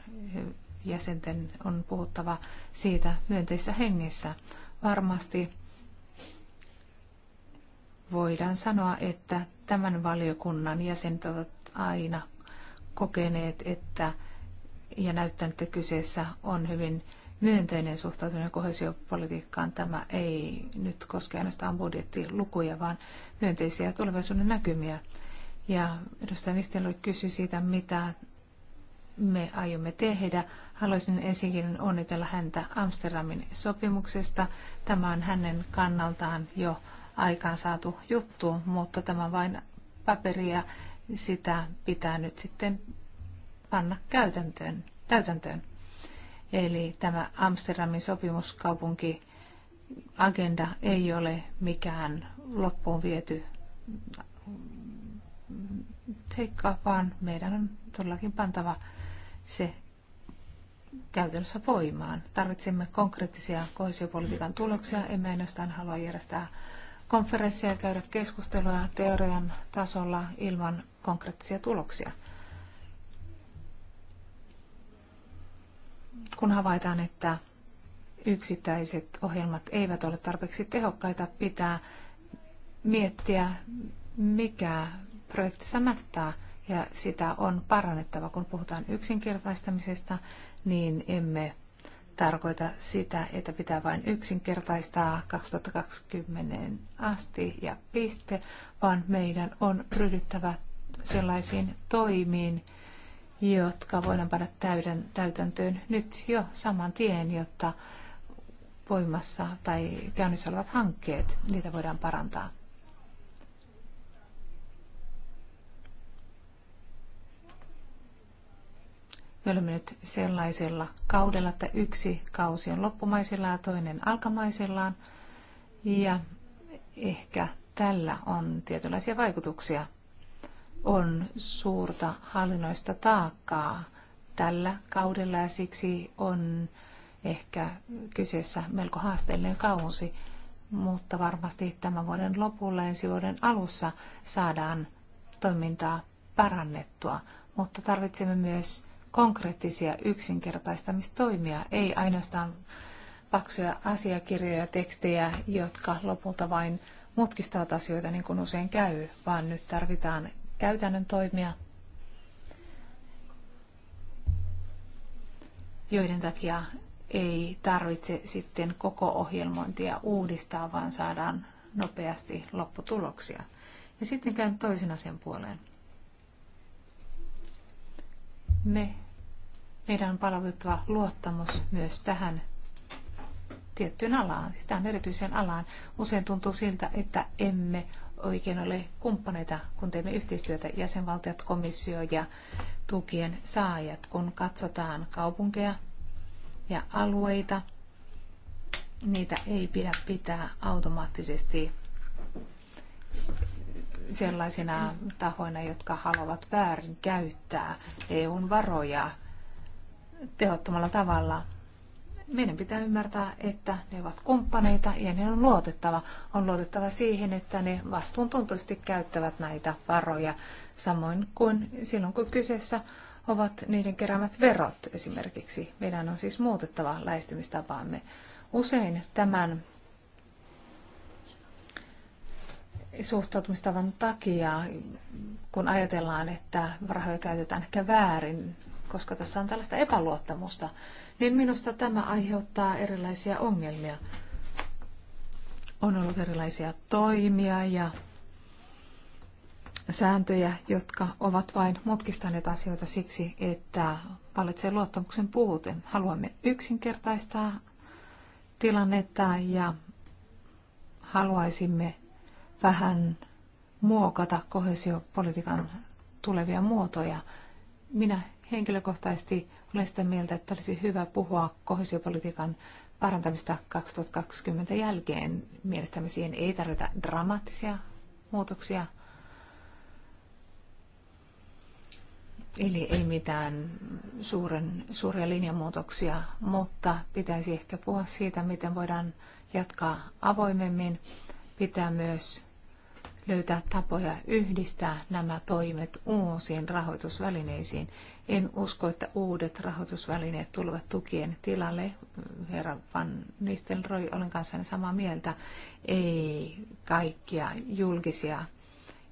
jäsenten on puhuttava siitä myönteisessä hengessä. Varmasti voidaan sanoa, että tämän valiokunnan jäsenet ovat aina kokeneet, että ja näyttänyt, että kyseessä on hyvin myönteinen suhtautuminen kohesiopolitiikkaan. Tämä ei nyt koske ainoastaan budjettilukuja, vaan myönteisiä tulevaisuuden näkymiä. Ja edustaja Nistelö kysyi siitä, mitä me aiomme tehdä. Haluaisin ensinnäkin onnitella häntä Amsterdamin sopimuksesta. Tämä on hänen kannaltaan jo aikaan saatu juttu, mutta tämä on vain paperia. Sitä pitää nyt sitten panna käytäntöön, täytäntöön. Eli tämä Amsterdamin sopimuskaupunki agenda ei ole mikään loppuun viety seikka, vaan meidän on todellakin pantava se käytännössä voimaan. Tarvitsemme konkreettisia kohesiopolitiikan tuloksia. Emme ainoastaan halua järjestää konferenssia ja käydä keskustelua teorian tasolla ilman konkreettisia tuloksia. kun havaitaan, että yksittäiset ohjelmat eivät ole tarpeeksi tehokkaita, pitää miettiä, mikä projektissa mättää ja sitä on parannettava. Kun puhutaan yksinkertaistamisesta, niin emme tarkoita sitä, että pitää vain yksinkertaistaa 2020 asti ja piste, vaan meidän on ryhdyttävä sellaisiin toimiin, jotka voidaan panna täyden, täytäntöön nyt jo saman tien, jotta voimassa tai käynnissä olevat hankkeet, niitä voidaan parantaa. Me olemme nyt sellaisella kaudella, että yksi kausi on loppumaisillaan ja toinen alkamaisillaan. Ja ehkä tällä on tietynlaisia vaikutuksia – on suurta hallinnoista taakkaa tällä kaudella ja siksi on ehkä kyseessä melko haasteellinen kausi, mutta varmasti tämän vuoden lopulla ensi vuoden alussa saadaan toimintaa parannettua, mutta tarvitsemme myös konkreettisia yksinkertaistamistoimia, ei ainoastaan paksuja asiakirjoja, tekstejä, jotka lopulta vain mutkistavat asioita niin kuin usein käy, vaan nyt tarvitaan käytännön toimia, joiden takia ei tarvitse sitten koko ohjelmointia uudistaa, vaan saadaan nopeasti lopputuloksia. Ja sitten käyn toisen asian puoleen. Me, meidän on palautettava luottamus myös tähän tiettyyn alaan, siis tähän erityiseen alaan. Usein tuntuu siltä, että emme oikein ole kumppaneita, kun teemme yhteistyötä jäsenvaltiot, komissio ja tukien saajat. Kun katsotaan kaupunkeja ja alueita, niitä ei pidä pitää automaattisesti sellaisina tahoina, jotka haluavat väärin käyttää EUn varoja tehottomalla tavalla meidän pitää ymmärtää, että ne ovat kumppaneita ja ne on luotettava. On luotettava siihen, että ne vastuuntuntoisesti käyttävät näitä varoja, samoin kuin silloin kun kyseessä ovat niiden keräämät verot esimerkiksi. Meidän on siis muutettava lähestymistapaamme. Usein tämän suhtautumistavan takia, kun ajatellaan, että rahoja käytetään ehkä väärin, koska tässä on tällaista epäluottamusta, niin minusta tämä aiheuttaa erilaisia ongelmia. On ollut erilaisia toimia ja sääntöjä, jotka ovat vain mutkistaneet asioita siksi, että vallitsee luottamuksen puute. Haluamme yksinkertaistaa tilannetta ja haluaisimme vähän muokata kohesiopolitiikan tulevia muotoja. Minä henkilökohtaisesti olen sitä mieltä, että olisi hyvä puhua kohesiopolitiikan parantamista 2020 jälkeen. Mielestäni siihen ei tarvita dramaattisia muutoksia. Eli ei mitään suuren, suuria linjamuutoksia, mutta pitäisi ehkä puhua siitä, miten voidaan jatkaa avoimemmin. Pitää myös löytää tapoja yhdistää nämä toimet uusiin rahoitusvälineisiin en usko, että uudet rahoitusvälineet tulevat tukien tilalle. Herra Van Nistelrooy, olen kanssani samaa mieltä. Ei kaikkia julkisia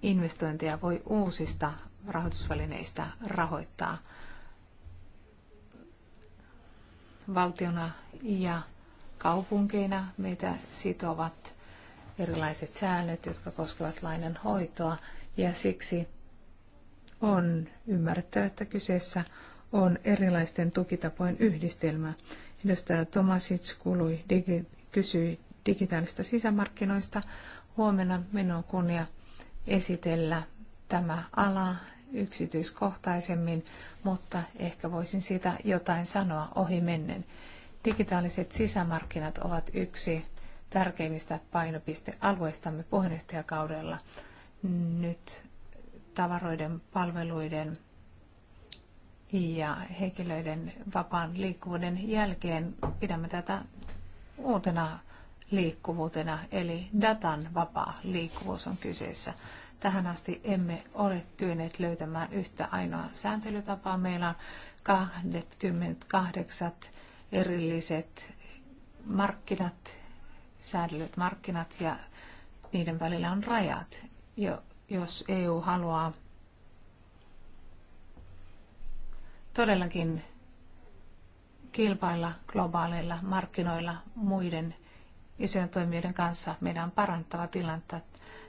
investointeja voi uusista rahoitusvälineistä rahoittaa valtiona ja kaupunkeina meitä sitovat erilaiset säännöt, jotka koskevat lainan hoitoa ja siksi on ymmärrettävä, että kyseessä on erilaisten tukitapojen yhdistelmä. Edustaja Tomasic kului digi, kysyi digitaalista sisämarkkinoista. Huomenna minun on kunnia esitellä tämä ala yksityiskohtaisemmin, mutta ehkä voisin siitä jotain sanoa ohi mennen. Digitaaliset sisämarkkinat ovat yksi tärkeimmistä painopistealueistamme puheenjohtajakaudella. Nyt tavaroiden, palveluiden ja henkilöiden vapaan liikkuvuuden jälkeen pidämme tätä uutena liikkuvuutena, eli datan vapaa liikkuvuus on kyseessä. Tähän asti emme ole kyenneet löytämään yhtä ainoa sääntelytapaa. Meillä on 28 erilliset markkinat, säädellyt markkinat ja niiden välillä on rajat. Jo jos EU haluaa todellakin kilpailla globaaleilla markkinoilla muiden isojen toimijoiden kanssa, meidän on parantava tilannetta.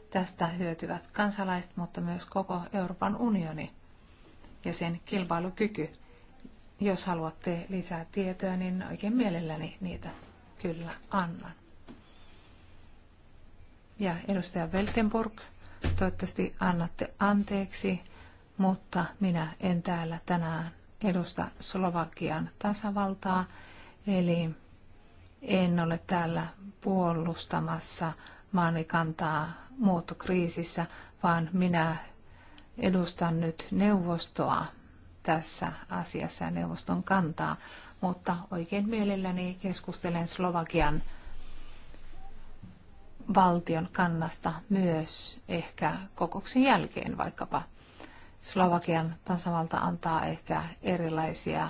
Tästä hyötyvät kansalaiset, mutta myös koko Euroopan unioni ja sen kilpailukyky. Jos haluatte lisää tietoa, niin oikein mielelläni niitä kyllä annan. Ja edustaja Veltenburg. Toivottavasti annatte anteeksi, mutta minä en täällä tänään edusta Slovakian tasavaltaa, eli en ole täällä puolustamassa maanikantaa muuttokriisissä, vaan minä edustan nyt neuvostoa tässä asiassa ja neuvoston kantaa, mutta oikein mielelläni keskustelen Slovakian valtion kannasta myös ehkä kokouksen jälkeen vaikkapa. Slovakian tasavalta antaa ehkä erilaisia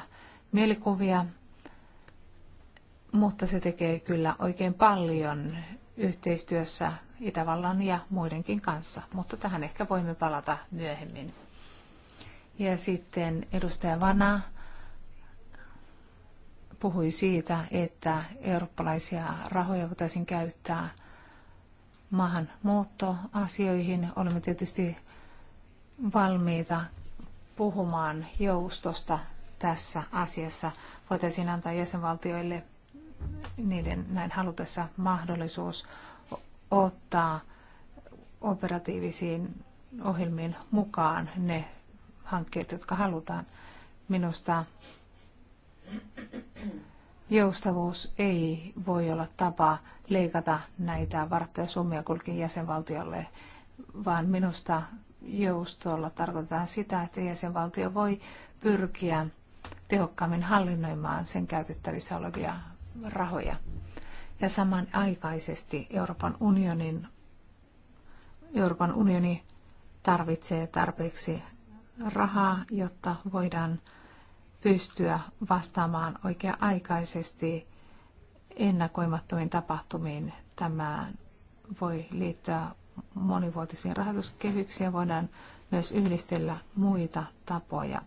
mielikuvia, mutta se tekee kyllä oikein paljon yhteistyössä Itävallan ja muidenkin kanssa, mutta tähän ehkä voimme palata myöhemmin. Ja sitten edustaja Vana puhui siitä, että eurooppalaisia rahoja voitaisiin käyttää – maahanmuuttoasioihin. Olemme tietysti valmiita puhumaan joustosta tässä asiassa. Voitaisiin antaa jäsenvaltioille niiden näin halutessa mahdollisuus ottaa operatiivisiin ohjelmiin mukaan ne hankkeet, jotka halutaan. Minusta joustavuus ei voi olla tapa leikata näitä varattuja summia kulkin jäsenvaltiolle, vaan minusta joustolla tarkoitetaan sitä, että jäsenvaltio voi pyrkiä tehokkaammin hallinnoimaan sen käytettävissä olevia rahoja. Ja samanaikaisesti Euroopan unionin Euroopan unioni tarvitsee tarpeeksi rahaa, jotta voidaan pystyä vastaamaan oikea-aikaisesti ennakoimattomiin tapahtumiin. Tämä voi liittyä monivuotisiin rahoituskehyksiin voidaan myös yhdistellä muita tapoja.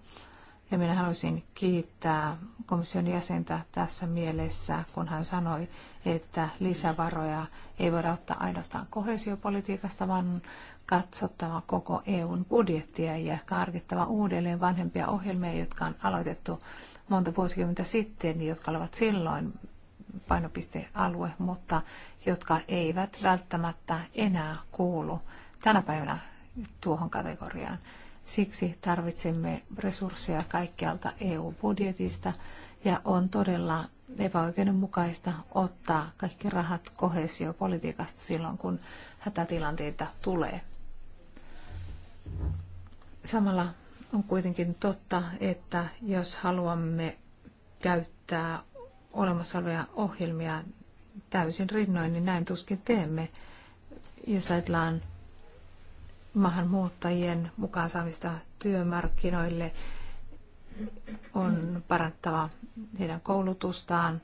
Ja minä haluaisin kiittää komission jäsentä tässä mielessä, kun hän sanoi, että lisävaroja ei voida ottaa ainoastaan kohesiopolitiikasta, vaan katsottava koko EUn budjettia ja karkittava uudelleen vanhempia ohjelmia, jotka on aloitettu monta vuosikymmentä sitten, jotka olivat silloin painopistealue, mutta jotka eivät välttämättä enää kuulu tänä päivänä tuohon kategoriaan. Siksi tarvitsemme resursseja kaikkialta EU-budjetista ja on todella epäoikeudenmukaista ottaa kaikki rahat kohesiopolitiikasta silloin, kun hätätilanteita tulee. Samalla on kuitenkin totta, että jos haluamme käyttää olemassa olevia ohjelmia täysin rinnoin, niin näin tuskin teemme. Jos ajatellaan maahanmuuttajien mukaan saamista työmarkkinoille, on parantava heidän koulutustaan.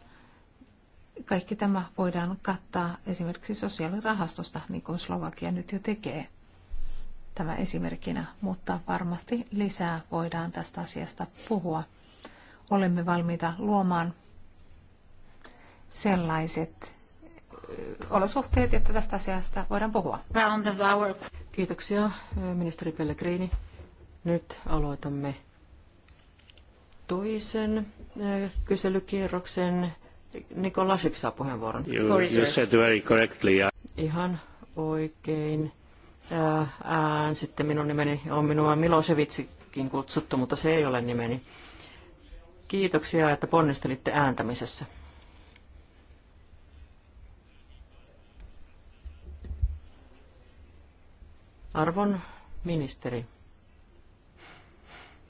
Kaikki tämä voidaan kattaa esimerkiksi sosiaalirahastosta, niin kuin Slovakia nyt jo tekee tämä esimerkkinä, mutta varmasti lisää voidaan tästä asiasta puhua. Olemme valmiita luomaan sellaiset olosuhteet, että tästä asiasta voidaan puhua. Kiitoksia, ministeri Pellegrini. Nyt aloitamme toisen kyselykierroksen. Niko Lasik saa puheenvuoron. You, you said very correctly. Ihan oikein. Ään sitten minun nimeni on minua Milosevitsikin kutsuttu, mutta se ei ole nimeni. Kiitoksia, että ponnistelitte ääntämisessä. Arvon ministeri,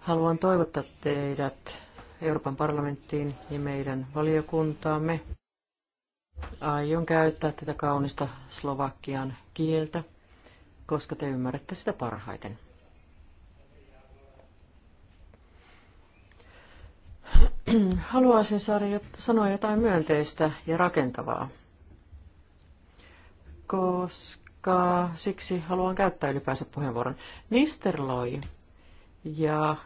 haluan toivottaa teidät Euroopan parlamenttiin ja meidän valiokuntaamme. Aion käyttää tätä kaunista slovakian kieltä, koska te ymmärrätte sitä parhaiten. Haluaisin saada sanoa jotain myönteistä ja rakentavaa, koska aikaa, siksi haluan käyttää ylipäänsä puheenvuoron. Nisterloi ja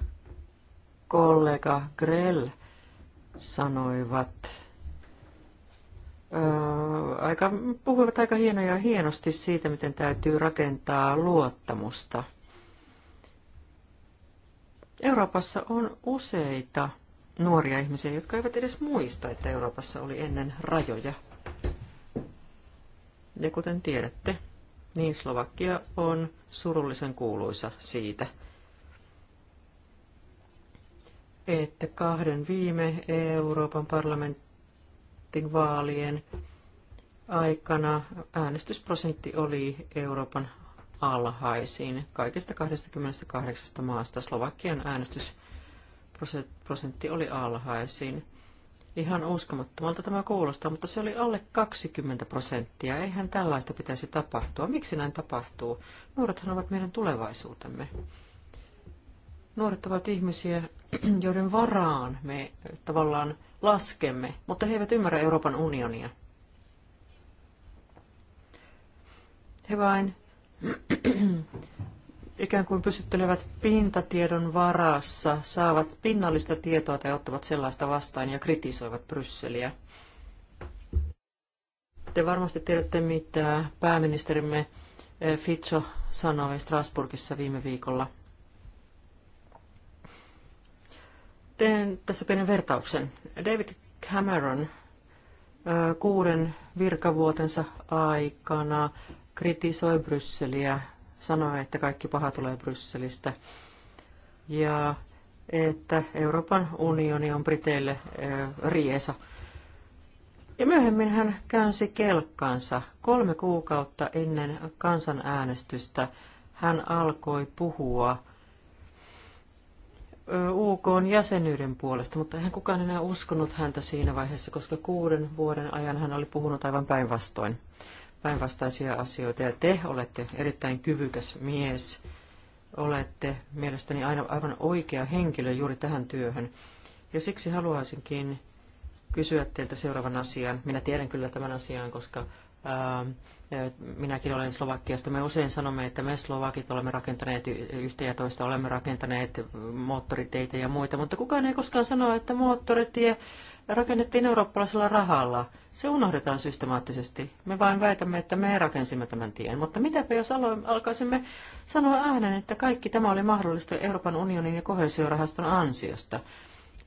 kollega Grell sanoivat, öö, aika, puhuivat aika hienoja hienosti siitä, miten täytyy rakentaa luottamusta. Euroopassa on useita nuoria ihmisiä, jotka eivät edes muista, että Euroopassa oli ennen rajoja. Ja kuten tiedätte, niin Slovakia on surullisen kuuluisa siitä, että kahden viime Euroopan parlamentin vaalien aikana äänestysprosentti oli Euroopan alhaisin. Kaikista 28 maasta Slovakian äänestysprosentti oli alhaisin. Ihan uskomattomalta tämä kuulostaa, mutta se oli alle 20 prosenttia. Eihän tällaista pitäisi tapahtua. Miksi näin tapahtuu? Nuorethan ovat meidän tulevaisuutemme. Nuoret ovat ihmisiä, [CLEARS THROAT] joiden varaan me tavallaan laskemme, mutta he eivät ymmärrä Euroopan unionia. He vain [CLEARS THROAT] ikään kuin pysyttelevät pintatiedon varassa, saavat pinnallista tietoa tai ottavat sellaista vastaan ja kritisoivat Brysseliä. Te varmasti tiedätte, mitä pääministerimme eh, Fitcho sanoi Strasbourgissa viime viikolla. Teen tässä pienen vertauksen. David Cameron eh, kuuden virkavuotensa aikana kritisoi Brysseliä sanoa, että kaikki paha tulee Brysselistä ja että Euroopan unioni on Briteille riesa. Ja myöhemmin hän käänsi kelkkansa. Kolme kuukautta ennen kansanäänestystä hän alkoi puhua UK jäsenyyden puolesta, mutta eihän kukaan enää uskonut häntä siinä vaiheessa, koska kuuden vuoden ajan hän oli puhunut aivan päinvastoin päinvastaisia asioita. Ja te olette erittäin kyvykäs mies. Olette mielestäni aina aivan oikea henkilö juuri tähän työhön. Ja siksi haluaisinkin kysyä teiltä seuraavan asian. Minä tiedän kyllä tämän asian, koska ää, ähm, äh, minäkin olen Slovakiasta. Me usein sanomme, että me Slovakit olemme rakentaneet yhtä ja toista, olemme rakentaneet moottoriteitä ja muita, mutta kukaan ei koskaan sano, että moottoritie rakennettiin eurooppalaisella rahalla. Se unohdetaan systemaattisesti. Me vain väitämme, että me rakensimme tämän tien. Mutta mitäpä jos aloin, alkaisimme sanoa äänen, että kaikki tämä oli mahdollista Euroopan unionin ja kohesiorahaston ansiosta.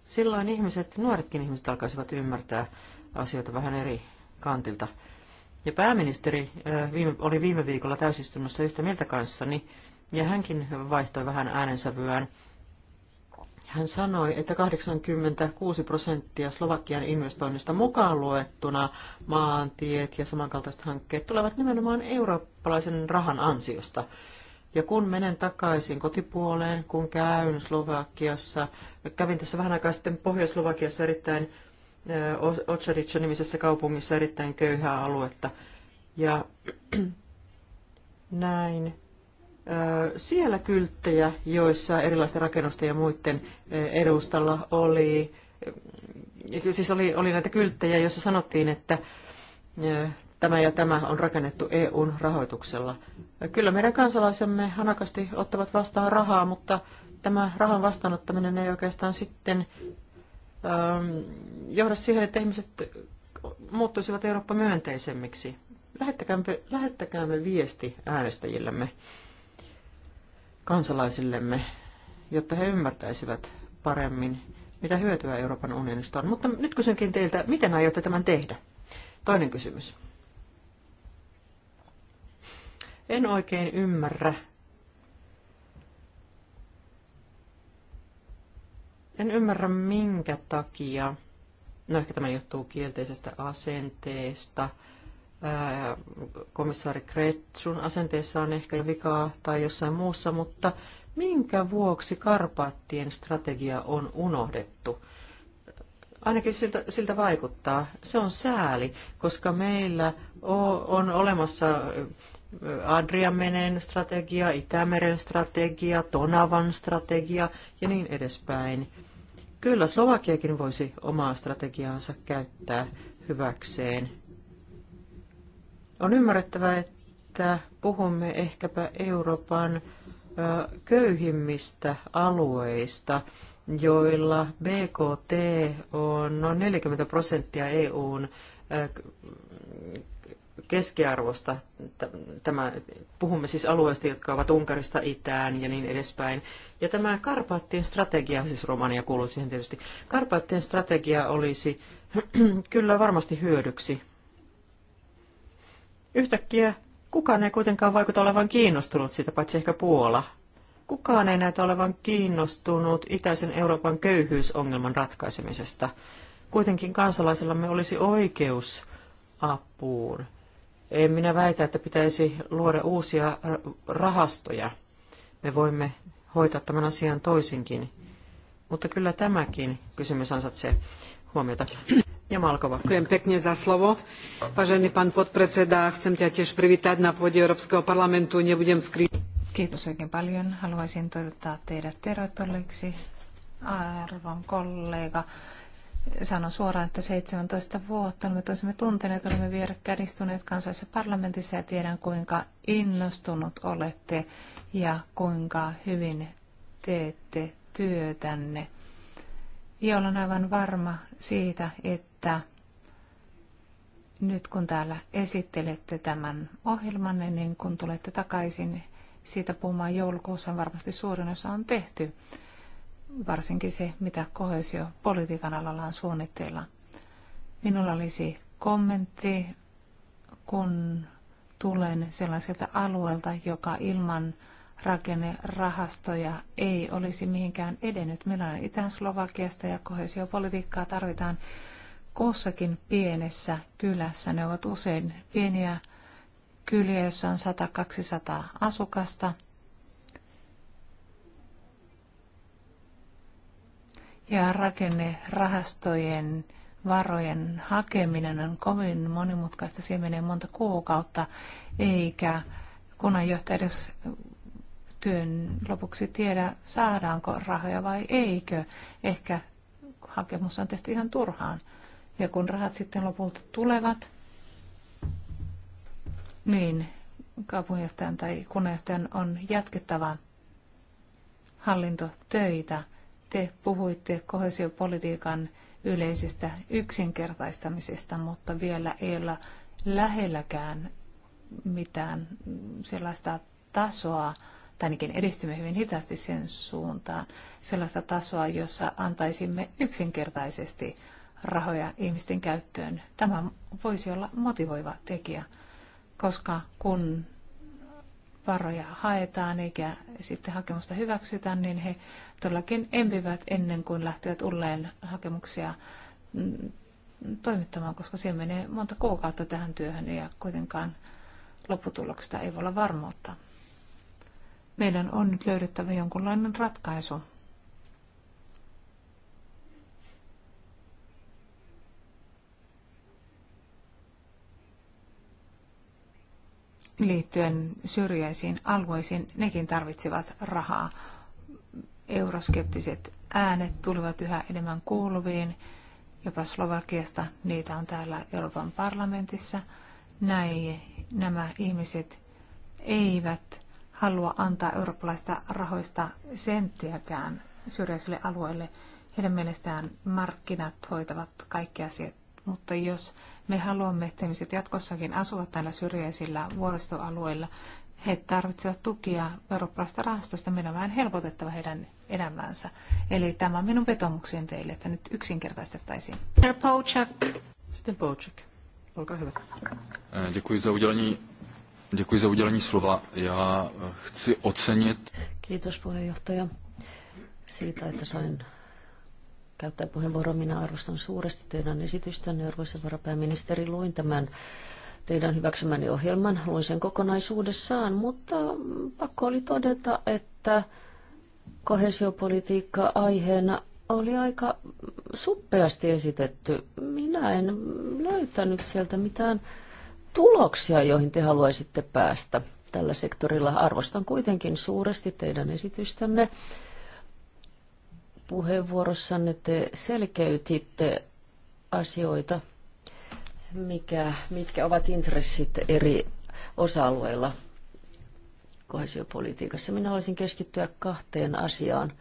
Silloin ihmiset, nuoretkin ihmiset alkaisivat ymmärtää asioita vähän eri kantilta. Ja pääministeri viime, oli viime viikolla täysistunnossa yhtä mieltä kanssani, ja hänkin vaihtoi vähän äänensävyään. Hän sanoi, että 86 prosenttia Slovakian investoinnista mukaan luettuna maantiet ja samankaltaiset hankkeet tulevat nimenomaan eurooppalaisen rahan ansiosta. Ja kun menen takaisin kotipuoleen, kun käyn Slovakiassa, kävin tässä vähän aikaa sitten Pohjois-Slovakiassa erittäin eh, Otsadica nimisessä kaupungissa erittäin köyhää aluetta. Ja [CLEARS THROAT] näin siellä kylttejä, joissa erilaisten rakennusten ja muiden edustalla oli, siis oli, oli näitä kylttejä, joissa sanottiin, että tämä ja tämä on rakennettu EUn rahoituksella. Kyllä meidän kansalaisemme hanakasti ottavat vastaan rahaa, mutta tämä rahan vastaanottaminen ei oikeastaan sitten ähm, johda siihen, että ihmiset muuttuisivat Eurooppa myönteisemmiksi. Lähettäkäämme, lähettäkäämme viesti äänestäjillemme kansalaisillemme, jotta he ymmärtäisivät paremmin, mitä hyötyä Euroopan unionista on. Mutta nyt kysynkin teiltä, miten aiotte tämän tehdä? Toinen kysymys. En oikein ymmärrä. En ymmärrä minkä takia. No ehkä tämä johtuu kielteisestä asenteesta komissaari Kretsun asenteessa on ehkä vikaa tai jossain muussa, mutta minkä vuoksi Karpaattien strategia on unohdettu? Ainakin siltä, siltä vaikuttaa. Se on sääli, koska meillä on olemassa Adriamenen strategia, Itämeren strategia, Tonavan strategia ja niin edespäin. Kyllä Slovakiakin voisi omaa strategiaansa käyttää hyväkseen on ymmärrettävä, että puhumme ehkäpä Euroopan köyhimmistä alueista, joilla BKT on noin 40 prosenttia EUn keskiarvosta. Tämä, puhumme siis alueista, jotka ovat Unkarista itään ja niin edespäin. Ja tämä Karpaattien strategia, siis Romania kuuluu siihen tietysti, Karpaattien strategia olisi [CLEARS THROAT] kyllä varmasti hyödyksi Yhtäkkiä kukaan ei kuitenkaan vaikuta olevan kiinnostunut sitä, paitsi ehkä Puola. Kukaan ei näytä olevan kiinnostunut itäisen Euroopan köyhyysongelman ratkaisemisesta. Kuitenkin kansalaisillamme olisi oikeus apuun. En minä väitä, että pitäisi luoda uusia rahastoja. Me voimme hoitaa tämän asian toisinkin. Mutta kyllä tämäkin kysymys ansaitsee huomiota. Ďakujem pekne za slovo. Vážený pán podpredseda, chcem ťa tiež privítať na pôde Európskeho parlamentu. Nebudem skrývať. Kiitos oikein paljon. Haluaisin toivottaa teidät tervetulleeksi, arvon kollega. Sanon suoraan, että 17 vuotta me toisimme tunteneet, olemme vierekkäin istuneet kansallisessa parlamentissa ja tiedän kuinka innostunut olette ja kuinka hyvin teette työtänne. Ja olen aivan varma siitä, että nyt kun täällä esittelette tämän ohjelman, niin kun tulette takaisin siitä puhumaan joulukuussa, niin varmasti suurin osa on tehty. Varsinkin se, mitä kohesiopolitiikan alalla on suunnitteilla. Minulla olisi kommentti, kun tulen sellaiselta alueelta, joka ilman rakennerahastoja ei olisi mihinkään edennyt. Meillä on Itä-Slovakiasta ja kohesiopolitiikkaa tarvitaan kussakin pienessä kylässä. Ne ovat usein pieniä kyliä, joissa on 100-200 asukasta. Ja rakennerahastojen varojen hakeminen on kovin monimutkaista. Siihen menee monta kuukautta, eikä kunnanjohtaja edes työn lopuksi tiedä, saadaanko rahoja vai eikö. Ehkä hakemus on tehty ihan turhaan. Ja kun rahat sitten lopulta tulevat, niin kaupunginjohtajan tai kunnanjohtajan on jatkettava hallintotöitä. Te puhuitte kohesiopolitiikan yleisestä yksinkertaistamisesta, mutta vielä ei ole lähelläkään mitään sellaista tasoa, tai ainakin edistymme hyvin hitaasti sen suuntaan, sellaista tasoa, jossa antaisimme yksinkertaisesti rahoja ihmisten käyttöön. Tämä voisi olla motivoiva tekijä, koska kun varoja haetaan eikä sitten hakemusta hyväksytä, niin he todellakin empivät ennen kuin lähtevät ulleen hakemuksia mm, toimittamaan, koska siellä menee monta kuukautta tähän työhön ja kuitenkaan lopputuloksesta ei voi olla varmuutta. Meidän on nyt löydettävä jonkunlainen ratkaisu. liittyen syrjäisiin alueisiin, nekin tarvitsivat rahaa. Euroskeptiset äänet tulivat yhä enemmän kuuluviin, jopa Slovakiasta niitä on täällä Euroopan parlamentissa. Näin nämä ihmiset eivät halua antaa eurooppalaista rahoista senttiäkään syrjäisille alueille. Heidän mielestään markkinat hoitavat kaikki asiat, mutta jos me haluamme, että ihmiset jatkossakin asuvat näillä syrjäisillä vuoristoalueilla, he tarvitsevat tukia eurooppalaista rahastosta. Meidän on vähän helpotettava heidän elämäänsä. Eli tämä on minun vetomukseni teille, että nyt yksinkertaistettaisiin. Sitten Pouchak. Olkaa hyvä. Děkuji za Děkuji za udělení slova. Já eh, chci ocenit... Kiitos puheenjohtaja siitä, että sain käyttää puheenvuoron. Minä arvostan suuresti teidän esitystänne, arvoisa varapääministeri. Luin tämän teidän hyväksymäni ohjelman, luin sen kokonaisuudessaan, mutta pakko oli todeta, että kohesiopolitiikka aiheena oli aika suppeasti esitetty. Minä en löytänyt sieltä mitään tuloksia, joihin te haluaisitte päästä tällä sektorilla? Arvostan kuitenkin suuresti teidän esitystänne. Puheenvuorossanne te selkeytitte asioita, mikä, mitkä ovat intressit eri osa-alueilla kohesiopolitiikassa. Minä haluaisin keskittyä kahteen asiaan.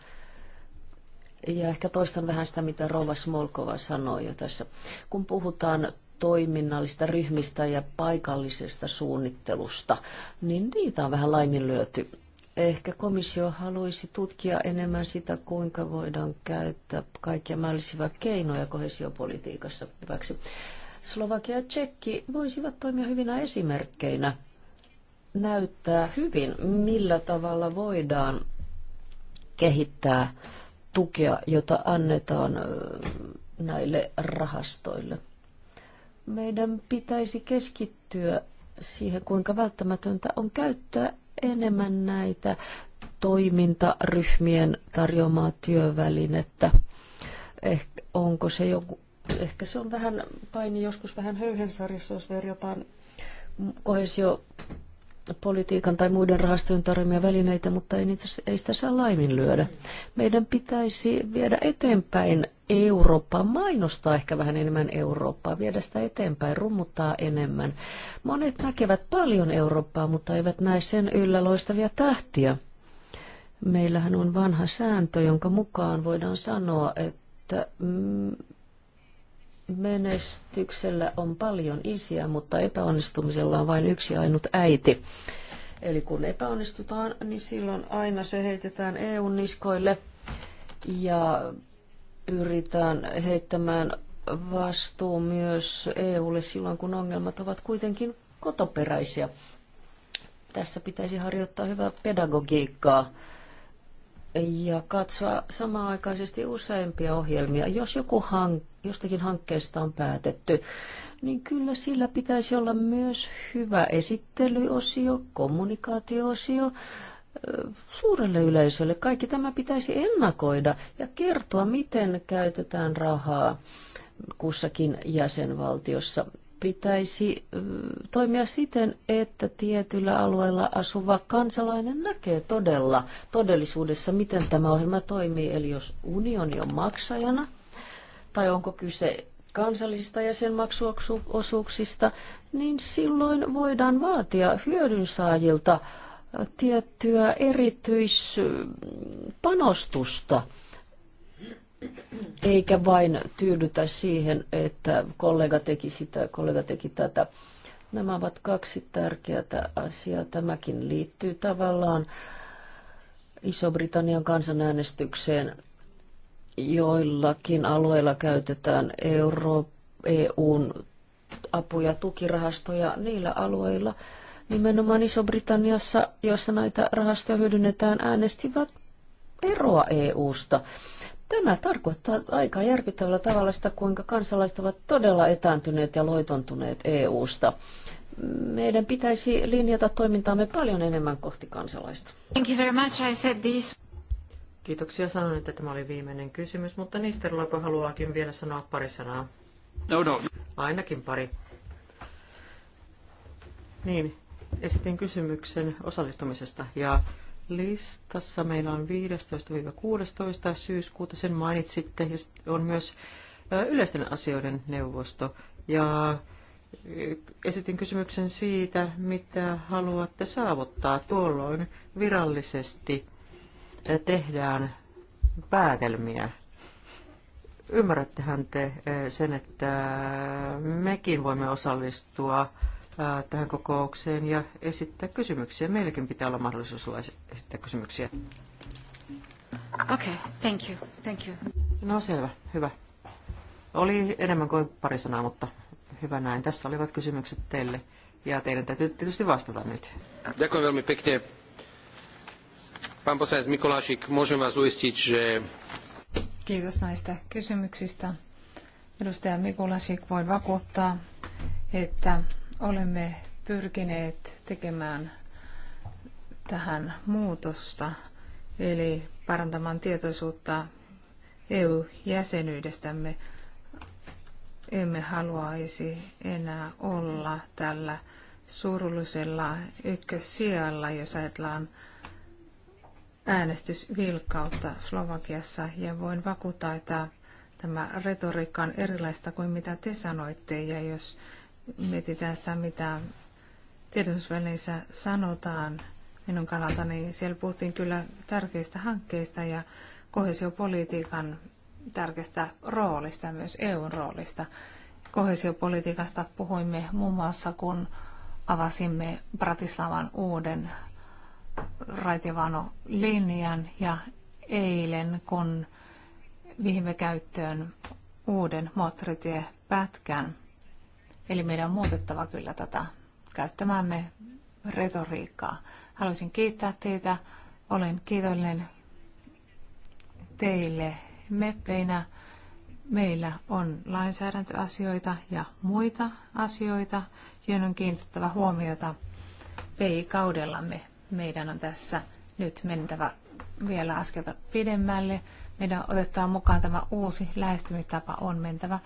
Ja ehkä toistan vähän sitä, mitä Rova Smolkova sanoi jo tässä. Kun puhutaan toiminnallista ryhmistä ja paikallisesta suunnittelusta, niin niitä on vähän laiminlyöty. Ehkä komissio haluaisi tutkia enemmän sitä, kuinka voidaan käyttää kaikkia mahdollisia keinoja kohesiopolitiikassa hyväksi. Slovakia ja Tsekki voisivat toimia hyvinä esimerkkeinä, näyttää hyvin, millä tavalla voidaan kehittää tukea, jota annetaan näille rahastoille meidän pitäisi keskittyä siihen, kuinka välttämätöntä on käyttää enemmän näitä toimintaryhmien tarjoamaa työvälinettä. Eh, onko se joku, ehkä se on vähän paini joskus vähän höyhensarjassa, jos verrataan kohesio politiikan tai muiden rahastojen tarjoamia välineitä, mutta ei, niitä, ei sitä saa laiminlyödä. Meidän pitäisi viedä eteenpäin Eurooppaa, mainostaa ehkä vähän enemmän Eurooppaa, viedä sitä eteenpäin, rummuttaa enemmän. Monet näkevät paljon Eurooppaa, mutta eivät näe sen yllä loistavia tähtiä. Meillähän on vanha sääntö, jonka mukaan voidaan sanoa, että että mm, Menestyksellä on paljon isiä, mutta epäonnistumisella on vain yksi ainut äiti. Eli kun epäonnistutaan, niin silloin aina se heitetään EUn niskoille ja pyritään heittämään vastuu myös EUlle silloin, kun ongelmat ovat kuitenkin kotoperäisiä. Tässä pitäisi harjoittaa hyvää pedagogiikkaa ja katsoa samaaikaisesti useampia ohjelmia. Jos joku hanke jostakin hankkeesta on päätetty, niin kyllä sillä pitäisi olla myös hyvä esittelyosio, kommunikaatioosio suurelle yleisölle. Kaikki tämä pitäisi ennakoida ja kertoa, miten käytetään rahaa kussakin jäsenvaltiossa pitäisi toimia siten, että tietyllä alueella asuva kansalainen näkee todella todellisuudessa, miten tämä ohjelma toimii. Eli jos unioni on maksajana, tai onko kyse kansallisista jäsenmaksuosuuksista, niin silloin voidaan vaatia hyödynsaajilta tiettyä erityispanostusta, eikä vain tyydytä siihen, että kollega teki sitä, kollega teki tätä. Nämä ovat kaksi tärkeää asiaa. Tämäkin liittyy tavallaan Iso-Britannian kansanäänestykseen joillakin alueilla käytetään Euro, EUn apu- ja tukirahastoja niillä alueilla. Nimenomaan Iso-Britanniassa, jossa näitä rahastoja hyödynnetään, äänestivät eroa EUsta. Tämä tarkoittaa aika järkyttävällä tavalla sitä, kuinka kansalaiset ovat todella etääntyneet ja loitontuneet EUsta. Meidän pitäisi linjata toimintaamme paljon enemmän kohti kansalaista. Thank you very much. I said these. Kiitoksia. Sanoin, että tämä oli viimeinen kysymys, mutta niistä Lopo haluaakin vielä sanoa pari sanaa. No, no. Ainakin pari. Niin, esitin kysymyksen osallistumisesta ja listassa meillä on 15-16 syyskuuta, sen mainitsitte, ja on myös yleisten asioiden neuvosto. Ja esitin kysymyksen siitä, mitä haluatte saavuttaa tuolloin virallisesti tehdään päätelmiä. Ymmärrättehän te eh, sen, että mekin voimme osallistua eh, tähän kokoukseen ja esittää kysymyksiä. Meilläkin pitää olla mahdollisuus esittää kysymyksiä. Okei, okay, thank you, thank you. No selvä, hyvä. Oli enemmän kuin pari sanaa, mutta hyvä näin. Tässä olivat kysymykset teille ja teidän täytyy tietysti vastata nyt. Ďakujem veľmi pekne Pán poslanec Mikolášik, môžem vás uistiť, že... Kiitos näistä kysymyksistä. Edustaja Mikulasik voi vakuuttaa, että olemme pyrkineet tekemään tähän muutosta, eli parantamaan tietoisuutta EU-jäsenyydestämme. Emme haluaisi enää olla tällä surullisella ykkössijalla, jos ajatellaan äänestysvilkautta Slovakiassa ja voin vakuuttaa, että tämä retoriikka on erilaista kuin mitä te sanoitte ja jos mietitään sitä, mitä tiedotusvälineissä sanotaan minun kannaltani, niin siellä puhuttiin kyllä tärkeistä hankkeista ja kohesiopolitiikan tärkeästä roolista myös EUn roolista. Kohesiopolitiikasta puhuimme muun muassa, kun avasimme Bratislavan uuden linjan ja eilen, kun viime käyttöön uuden moottoritiepätkän. Eli meidän on muutettava kyllä tätä käyttämäämme retoriikkaa. Haluaisin kiittää teitä. Olen kiitollinen teille meppeinä. Meillä on lainsäädäntöasioita ja muita asioita, joihin on kiinnitettävä huomiota peikaudellamme meidän on tässä nyt mentävä vielä askelta pidemmälle. Meidän otetaan mukaan tämä uusi lähestymistapa on mentävä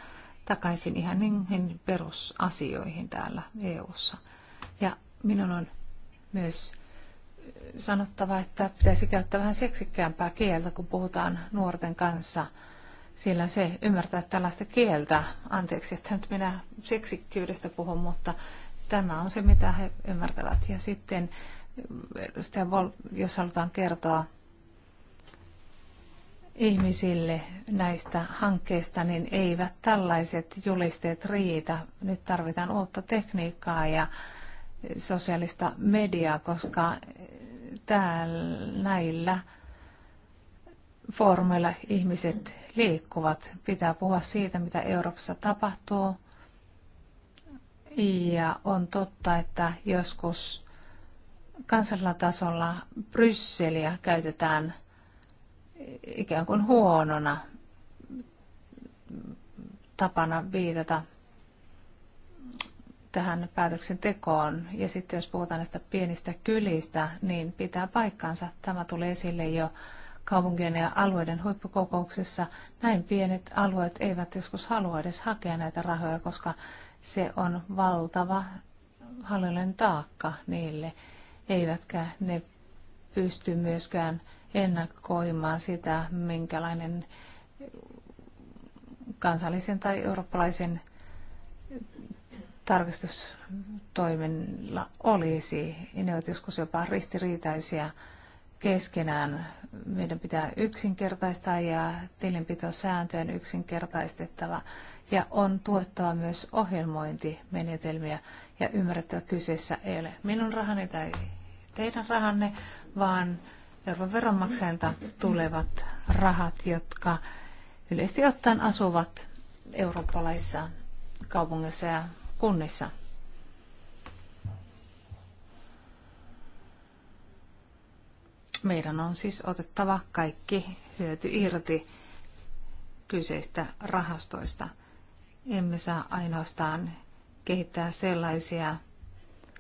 takaisin ihan niihin niin perusasioihin täällä EU:ssa. Ja minun on myös sanottava, että pitäisi käyttää vähän seksikkäämpää kieltä, kun puhutaan nuorten kanssa, sillä se ymmärtää tällaista kieltä. Anteeksi, että nyt minä seksikkyydestä puhun, mutta tämä on se, mitä he ymmärtävät. Ja sitten jos halutaan kertoa ihmisille näistä hankkeista, niin eivät tällaiset julisteet riitä. Nyt tarvitaan uutta tekniikkaa ja sosiaalista mediaa, koska täällä näillä foorumeilla ihmiset liikkuvat. Pitää puhua siitä, mitä Euroopassa tapahtuu. Ja on totta, että joskus kansallisella tasolla Brysseliä käytetään ikään kuin huonona tapana viitata tähän päätöksentekoon. Ja sitten jos puhutaan näistä pienistä kylistä, niin pitää paikkansa. Tämä tuli esille jo kaupunkien ja alueiden huippukokouksessa. Näin pienet alueet eivät joskus halua edes hakea näitä rahoja, koska se on valtava hallinnollinen taakka niille eivätkä ne pysty myöskään ennakoimaan sitä, minkälainen kansallisen tai eurooppalaisen tarkistustoimilla olisi. Ne ovat joskus jopa ristiriitaisia keskenään. Meidän pitää yksinkertaistaa ja tilinpitosääntöjen yksinkertaistettava ja on tuettava myös ohjelmointimenetelmiä ja ymmärrettävä kyseessä ei ole minun rahani tai teidän rahanne, vaan Euroopan veronmaksajilta tulevat rahat, jotka yleisesti ottaen asuvat eurooppalaisissa kaupungeissa ja kunnissa. Meidän on siis otettava kaikki hyöty irti kyseistä rahastoista. Emme saa ainoastaan kehittää sellaisia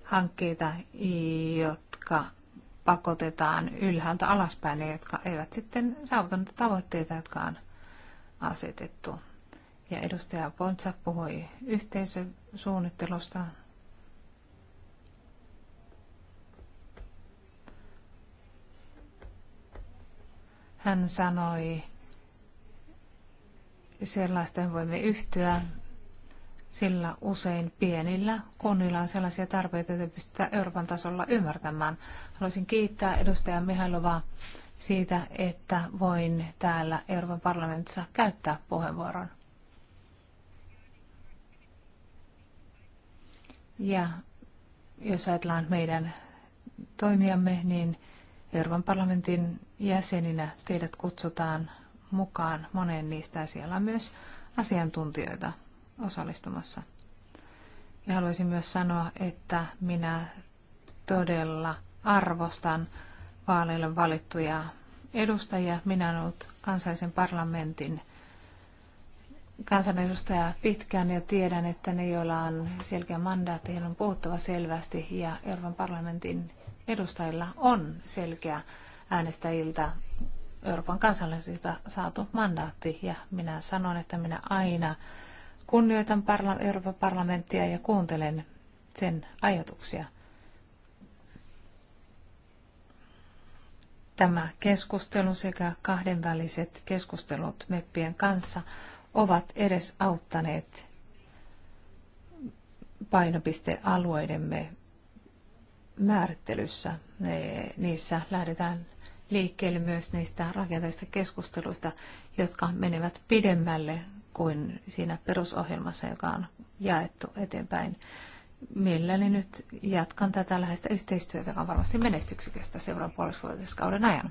hankkeita, jotka pakotetaan ylhäältä alaspäin ja jotka eivät sitten saavuttaneet tavoitteita, jotka on asetettu. Ja edustaja Pontsak puhui yhteisösuunnittelusta. Hän sanoi, sellaisten voimme yhtyä, sillä usein pienillä kunnilla on sellaisia tarpeita, joita pystytään Euroopan tasolla ymmärtämään. Haluaisin kiittää edustaja Mihailovaa siitä, että voin täällä Euroopan parlamentissa käyttää puheenvuoron. Ja jos ajatellaan meidän toimijamme, niin Euroopan parlamentin jäseninä teidät kutsutaan mukaan moneen niistä. Siellä on myös asiantuntijoita osallistumassa. Ja haluaisin myös sanoa, että minä todella arvostan vaaleille valittuja edustajia. Minä olen ollut kansallisen parlamentin kansanedustaja pitkään ja tiedän, että ne, joilla on selkeä mandaatti, on puhuttava selvästi ja Euroopan parlamentin edustajilla on selkeä äänestäjiltä Euroopan kansalaisilta saatu mandaatti ja minä sanon, että minä aina Kunnioitan parla- Euroopan parlamenttia ja kuuntelen sen ajatuksia. Tämä keskustelu sekä kahdenväliset keskustelut meppien kanssa ovat edes auttaneet painopistealueidemme määrittelyssä. Niissä lähdetään liikkeelle myös niistä rakenteista keskusteluista, jotka menevät pidemmälle kuin siinä perusohjelmassa, joka on jaettu eteenpäin. Mielelläni nyt jatkan tätä läheistä yhteistyötä, joka on varmasti menestyksekästä seuraavan kauden ajan.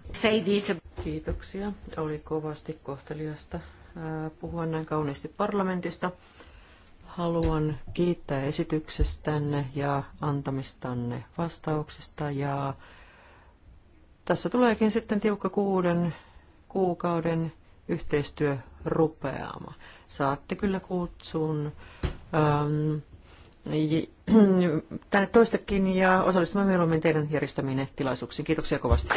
Kiitoksia. Oli kovasti kohteliasta äh, puhua näin kauniisti parlamentista. Haluan kiittää esityksestänne ja antamistanne vastauksista. Ja tässä tuleekin sitten tiukka kuuden kuukauden yhteistyö rupeama. Saatte kyllä kutsun ähm, [CLEARS THROAT] tänne toistekin ja osallistumme mieluummin teidän järjestämiin tilaisuuksiin. Kiitoksia kovasti.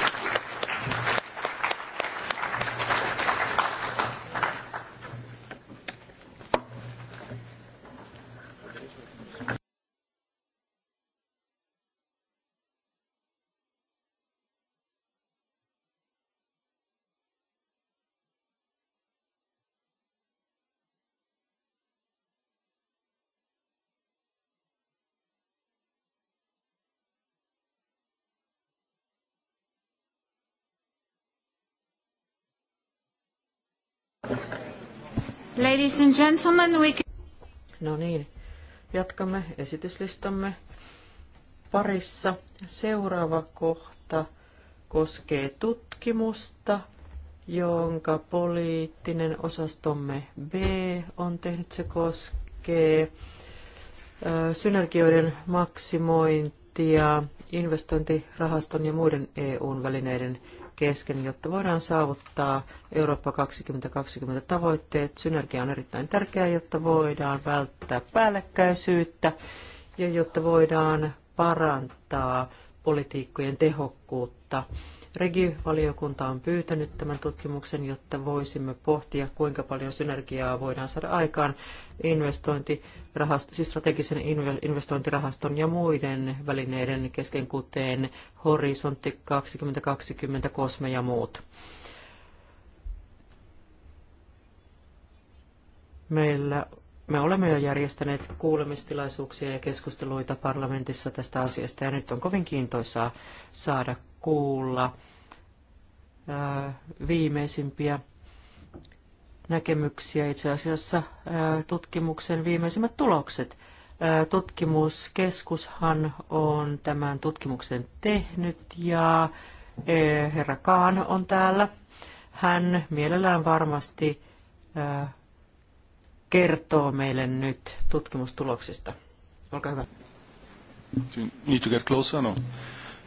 Ladies and gentlemen, we can... No niin, jatkamme esityslistamme parissa. Seuraava kohta koskee tutkimusta, jonka poliittinen osastomme B on tehnyt. Se koskee synergioiden maksimointia investointirahaston ja muiden EUn välineiden kesken, jotta voidaan saavuttaa Eurooppa 2020 tavoitteet. Synergia on erittäin tärkeää, jotta voidaan välttää päällekkäisyyttä ja jotta voidaan parantaa politiikkojen tehokkuutta Regi-valiokunta on pyytänyt tämän tutkimuksen, jotta voisimme pohtia, kuinka paljon synergiaa voidaan saada aikaan siis strategisen investointirahaston ja muiden välineiden kesken, kuten Horisontti 2020, Kosme ja muut. Meillä me olemme jo järjestäneet kuulemistilaisuuksia ja keskusteluita parlamentissa tästä asiasta ja nyt on kovin kiintoisaa saada kuulla äh, viimeisimpiä näkemyksiä, itse asiassa äh, tutkimuksen viimeisimmät tulokset. Äh, tutkimuskeskushan on tämän tutkimuksen tehnyt ja herra Kaan on täällä. Hän mielellään varmasti kertoo meille nyt tutkimustuloksista. Olkaa hyvä. Need to get closer, no.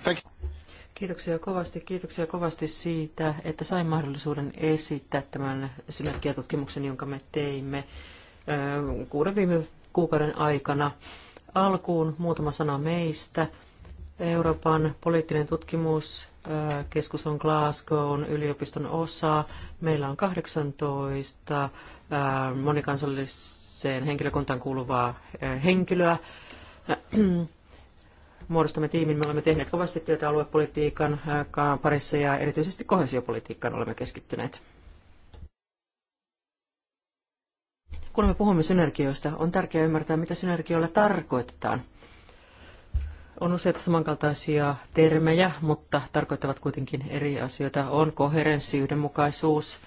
Thank you. Kiitoksia kovasti. Kiitoksia kovasti siitä, että sain mahdollisuuden esittää tämän synergiatutkimuksen, jonka me teimme kuuden viime kuukauden aikana. Alkuun muutama sana meistä. Euroopan poliittinen tutkimuskeskus on Glasgown yliopiston osa. Meillä on 18 Äh, monikansalliseen henkilökuntaan kuuluvaa äh, henkilöä. Äh, [CLEARS THROAT] muodostamme tiimin, me olemme tehneet kovasti työtä aluepolitiikan parissa ja erityisesti kohesiopolitiikkaan olemme keskittyneet. Kun me puhumme synergioista, on tärkeää ymmärtää, mitä synergioilla tarkoitetaan. On useita samankaltaisia termejä, mutta tarkoittavat kuitenkin eri asioita. On koherenssi, yhdenmukaisuus,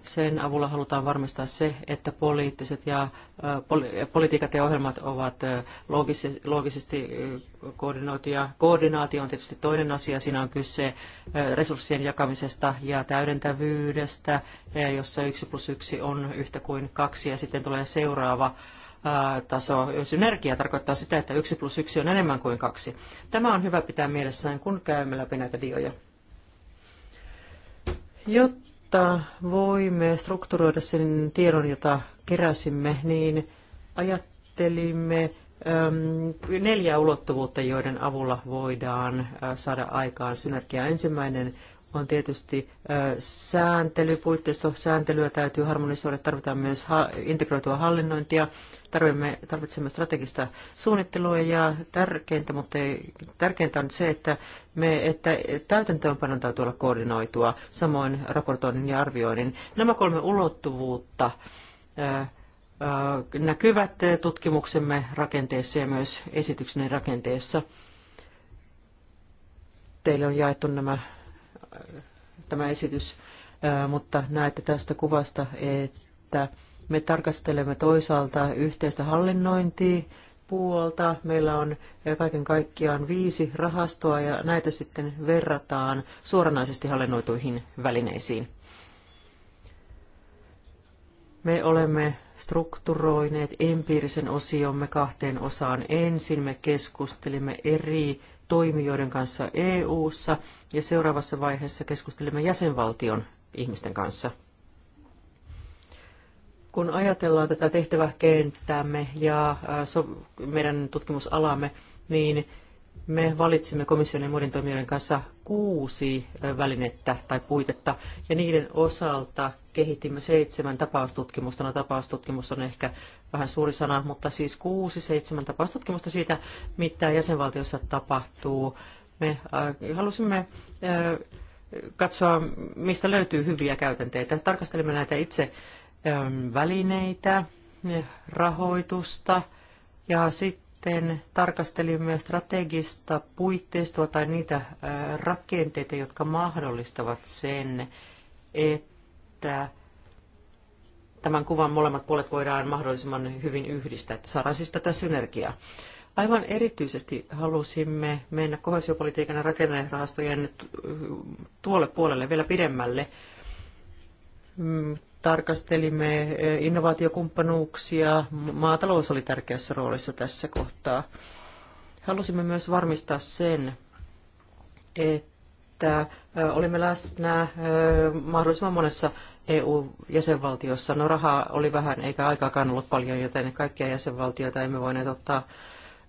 sen avulla halutaan varmistaa se, että poliittiset ja, politiikat ja ohjelmat ovat loogisesti, koordinoituja. Koordinaatio on tietysti toinen asia. Siinä on kyse resurssien jakamisesta ja täydentävyydestä, e, jossa yksi plus yksi on yhtä kuin kaksi ja sitten tulee seuraava taso. Synergia tarkoittaa sitä, että yksi plus yksi on enemmän kuin kaksi. Tämä on hyvä pitää mielessään, kun käymme läpi näitä dioja. Jotta jotta voimme strukturoida sen tiedon, jota keräsimme, niin ajattelimme ähm, neljä ulottuvuutta, joiden avulla voidaan äh, saada aikaan synergiaa. Ensimmäinen on tietysti sääntely, puitteisto, sääntelyä täytyy harmonisoida, tarvitaan myös integroitua hallinnointia, tarvitsemme, tarvitsemme strategista suunnittelua ja tärkeintä, mutta ei, tärkeintä on se, että, me, että täytäntöönpanon täytyy olla koordinoitua, samoin raportoinnin ja arvioinnin. Nämä kolme ulottuvuutta näkyvät tutkimuksemme rakenteessa ja myös esityksenne rakenteessa. Teille on jaettu nämä tämä esitys, mutta näette tästä kuvasta, että me tarkastelemme toisaalta yhteistä hallinnointia, puolta. Meillä on kaiken kaikkiaan viisi rahastoa ja näitä sitten verrataan suoranaisesti hallinnoituihin välineisiin. Me olemme strukturoineet empiirisen osiomme kahteen osaan. Ensin me keskustelimme eri toimijoiden kanssa EU:ssa ja seuraavassa vaiheessa keskustelemme jäsenvaltion ihmisten kanssa. Kun ajatellaan tätä tehtäväkenttäämme ja meidän tutkimusalamme, niin me valitsimme komission ja muiden toimijoiden kanssa kuusi välinettä tai puitetta, ja niiden osalta kehitimme seitsemän tapaustutkimusta. No tapaustutkimus on ehkä vähän suuri sana, mutta siis kuusi, seitsemän tapaustutkimusta siitä, mitä jäsenvaltiossa tapahtuu. Me halusimme katsoa, mistä löytyy hyviä käytänteitä. Tarkastelimme näitä itse välineitä, rahoitusta ja sitten sitten tarkastelimme strategista puitteistoa tai niitä äh, rakenteita, jotka mahdollistavat sen, että tämän kuvan molemmat puolet voidaan mahdollisimman hyvin yhdistää, että saadaan siis tätä synergiaa. Aivan erityisesti halusimme mennä kohesiopolitiikan ja rakennerahastojen äh, tuolle puolelle vielä pidemmälle mm, tarkastelimme eh, innovaatiokumppanuuksia. Maatalous oli tärkeässä roolissa tässä kohtaa. Halusimme myös varmistaa sen, että eh, olimme läsnä eh, mahdollisimman monessa EU-jäsenvaltiossa. No rahaa oli vähän eikä aikaakaan ollut paljon, joten kaikkia jäsenvaltioita emme voineet ottaa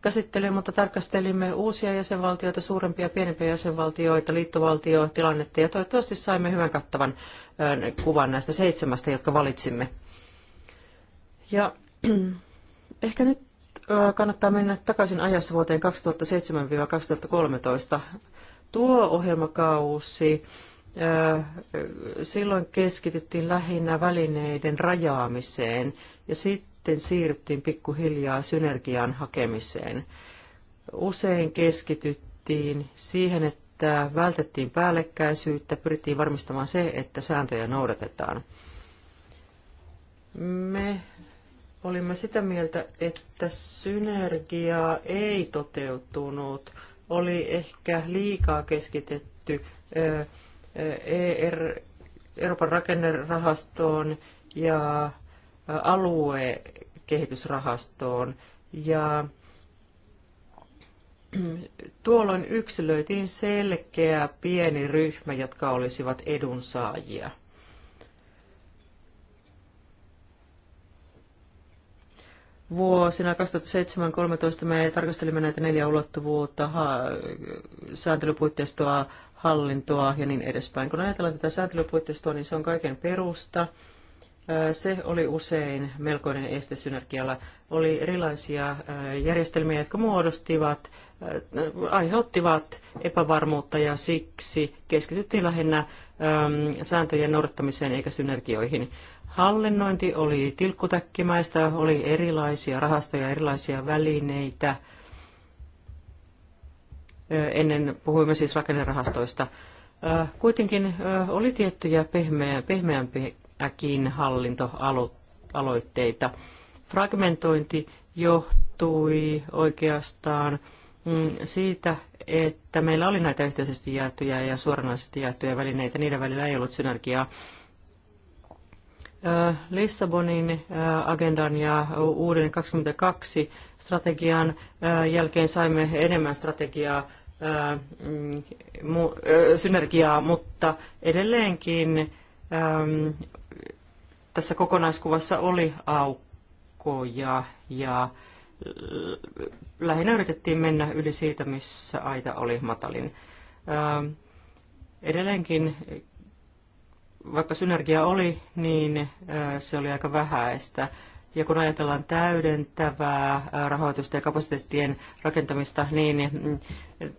käsittelyyn, mutta tarkastelimme uusia jäsenvaltioita, suurempia ja pienempiä jäsenvaltioita, liittovaltiotilannetta ja toivottavasti saimme hyvän kattavan kuvan näistä seitsemästä, jotka valitsimme. Ja [CLEARS THROAT] ehkä nyt kannattaa mennä takaisin ajassa vuoteen 2007-2013. Tuo ohjelmakausi, silloin keskityttiin lähinnä välineiden rajaamiseen ja sitten siirryttiin pikkuhiljaa synergian hakemiseen. Usein keskityttiin siihen, että että vältettiin päällekkäisyyttä, pyrittiin varmistamaan se, että sääntöjä noudatetaan. Me olimme sitä mieltä, että synergiaa ei toteutunut. Oli ehkä liikaa keskitetty ER, Euroopan rakennerahastoon ja aluekehitysrahastoon. Ja [CLEARS THROAT] Tuolloin yksilöitiin selkeä pieni ryhmä, jotka olisivat edunsaajia. Vuosina 2007-2013 me tarkastelimme näitä neljä ulottuvuutta, ha- sääntelypuitteistoa, hallintoa ja niin edespäin. Kun ajatellaan tätä sääntelypuitteistoa, niin se on kaiken perusta. Se oli usein melkoinen este synergialla. Oli erilaisia järjestelmiä, jotka muodostivat Äh, aiheuttivat epävarmuutta ja siksi keskityttiin lähinnä ähm, sääntöjen noudattamiseen eikä synergioihin. Hallinnointi oli tilkkutäkkimäistä, oli erilaisia rahastoja, erilaisia välineitä. Äh, ennen puhuimme siis rakennerahastoista. Äh, kuitenkin oli tiettyjä pehmeä, pehmeämpiäkin hallintoaloitteita. Fragmentointi johtui oikeastaan Mm, siitä, että meillä oli näitä yhteisesti jaettuja ja suoranaisesti jaettuja välineitä, niiden välillä ei ollut synergiaa. Lissabonin agendan ja uuden 22 strategian jälkeen saimme enemmän strategiaa mm, synergiaa, mutta edelleenkin tässä kokonaiskuvassa oli aukkoja ja lähinnä yritettiin mennä yli siitä, missä aita oli matalin. Edelleenkin, vaikka synergia oli, niin se oli aika vähäistä. Ja kun ajatellaan täydentävää rahoitusta ja kapasiteettien rakentamista, niin mm,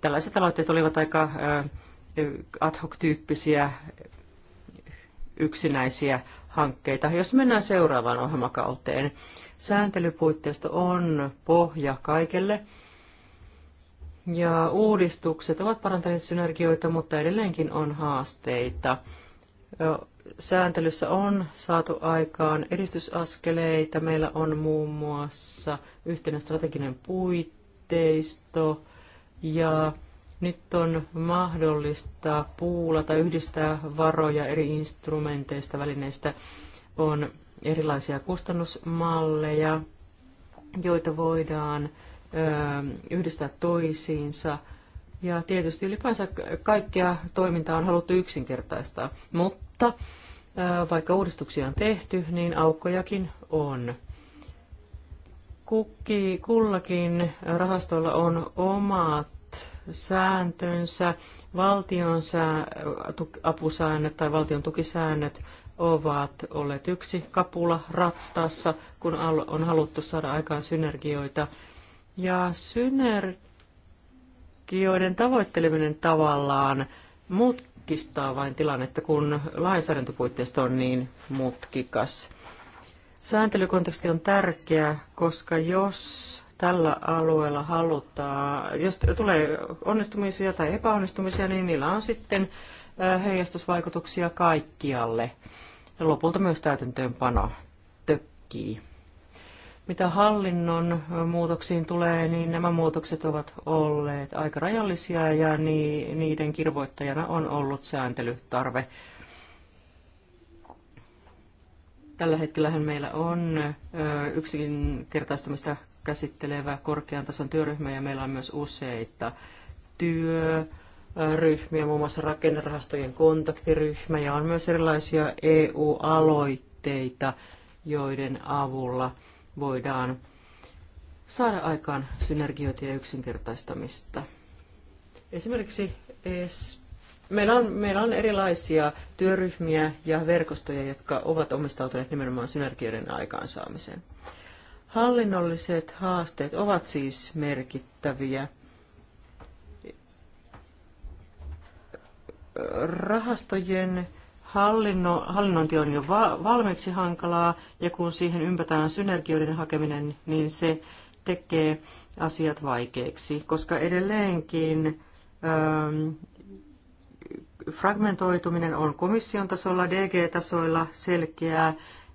tällaiset aloitteet olivat aika ad hoc-tyyppisiä yksinäisiä hankkeita. Jos mennään seuraavaan ohjelmakauteen, sääntelypuitteisto on pohja kaikelle. Ja uudistukset ovat parantaneet synergioita, mutta edelleenkin on haasteita. Sääntelyssä on saatu aikaan edistysaskeleita. Meillä on muun muassa yhteinen strateginen puitteisto ja nyt on mahdollista puulata, yhdistää varoja eri instrumenteista, välineistä. On erilaisia kustannusmalleja, joita voidaan yhdistää toisiinsa. Ja tietysti ylipäänsä kaikkea toimintaa on haluttu yksinkertaistaa, mutta vaikka uudistuksia on tehty, niin aukkojakin on. Kukki, kullakin rahastolla on omat sääntönsä, valtion apusäännöt tai valtion tukisäännöt ovat olleet yksi kapula rattaassa, kun on haluttu saada aikaan synergioita. Ja synergioiden tavoitteleminen tavallaan mutkistaa vain tilannetta, kun lainsäädäntöpuitteisto on niin mutkikas. Sääntelykonteksti on tärkeä, koska jos tällä alueella halutaan, jos tulee onnistumisia tai epäonnistumisia, niin niillä on sitten heijastusvaikutuksia kaikkialle. Ja lopulta myös täytäntöönpano tökkii. Mitä hallinnon muutoksiin tulee, niin nämä muutokset ovat olleet aika rajallisia ja niiden kirvoittajana on ollut sääntelytarve. Tällä hetkellä meillä on yksinkertaistamista käsittelevä korkean tason työryhmä ja meillä on myös useita työryhmiä, muun muassa rakennerahastojen kontaktiryhmä ja on myös erilaisia EU-aloitteita, joiden avulla voidaan saada aikaan synergioita ja yksinkertaistamista. Esimerkiksi meillä on, meillä on erilaisia työryhmiä ja verkostoja, jotka ovat omistautuneet nimenomaan synergioiden aikaansaamiseen. Hallinnolliset haasteet ovat siis merkittäviä. Rahastojen hallinno, hallinnointi on jo va- valmiiksi hankalaa, ja kun siihen ympätään synergioiden hakeminen, niin se tekee asiat vaikeiksi, koska edelleenkin ähm, fragmentoituminen on komission tasolla, DG-tasoilla selkeää,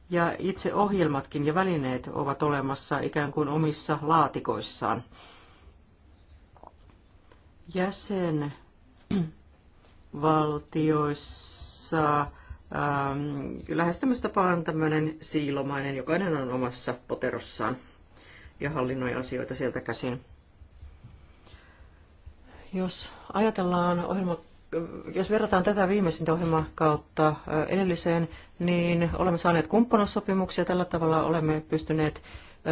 ja itse ohjelmatkin ja välineet ovat olemassa ikään kuin omissa laatikoissaan. Jäsenvaltioissa ähm, lähestymistapa on tämmöinen siilomainen, jokainen on omassa poterossaan ja hallinnoi asioita sieltä käsin. Jos ajatellaan ohjelma, jos verrataan tätä viimeisintä ohjelmakautta äh, edelliseen, niin olemme saaneet kumppanussopimuksia Tällä tavalla olemme pystyneet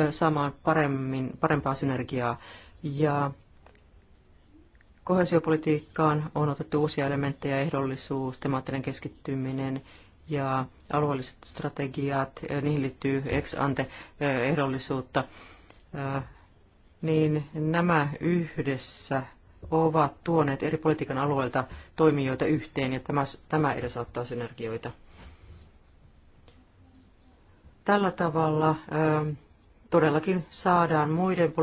saamaan paremmin, parempaa synergiaa. Ja kohesiopolitiikkaan on otettu uusia elementtejä, ehdollisuus, temaattinen keskittyminen ja alueelliset strategiat, niihin liittyy ex ante ehdollisuutta, niin nämä yhdessä ovat tuoneet eri politiikan alueilta toimijoita yhteen ja tämä, tämä edesauttaa synergioita. Tällä tavalla ähm, todellakin saadaan muiden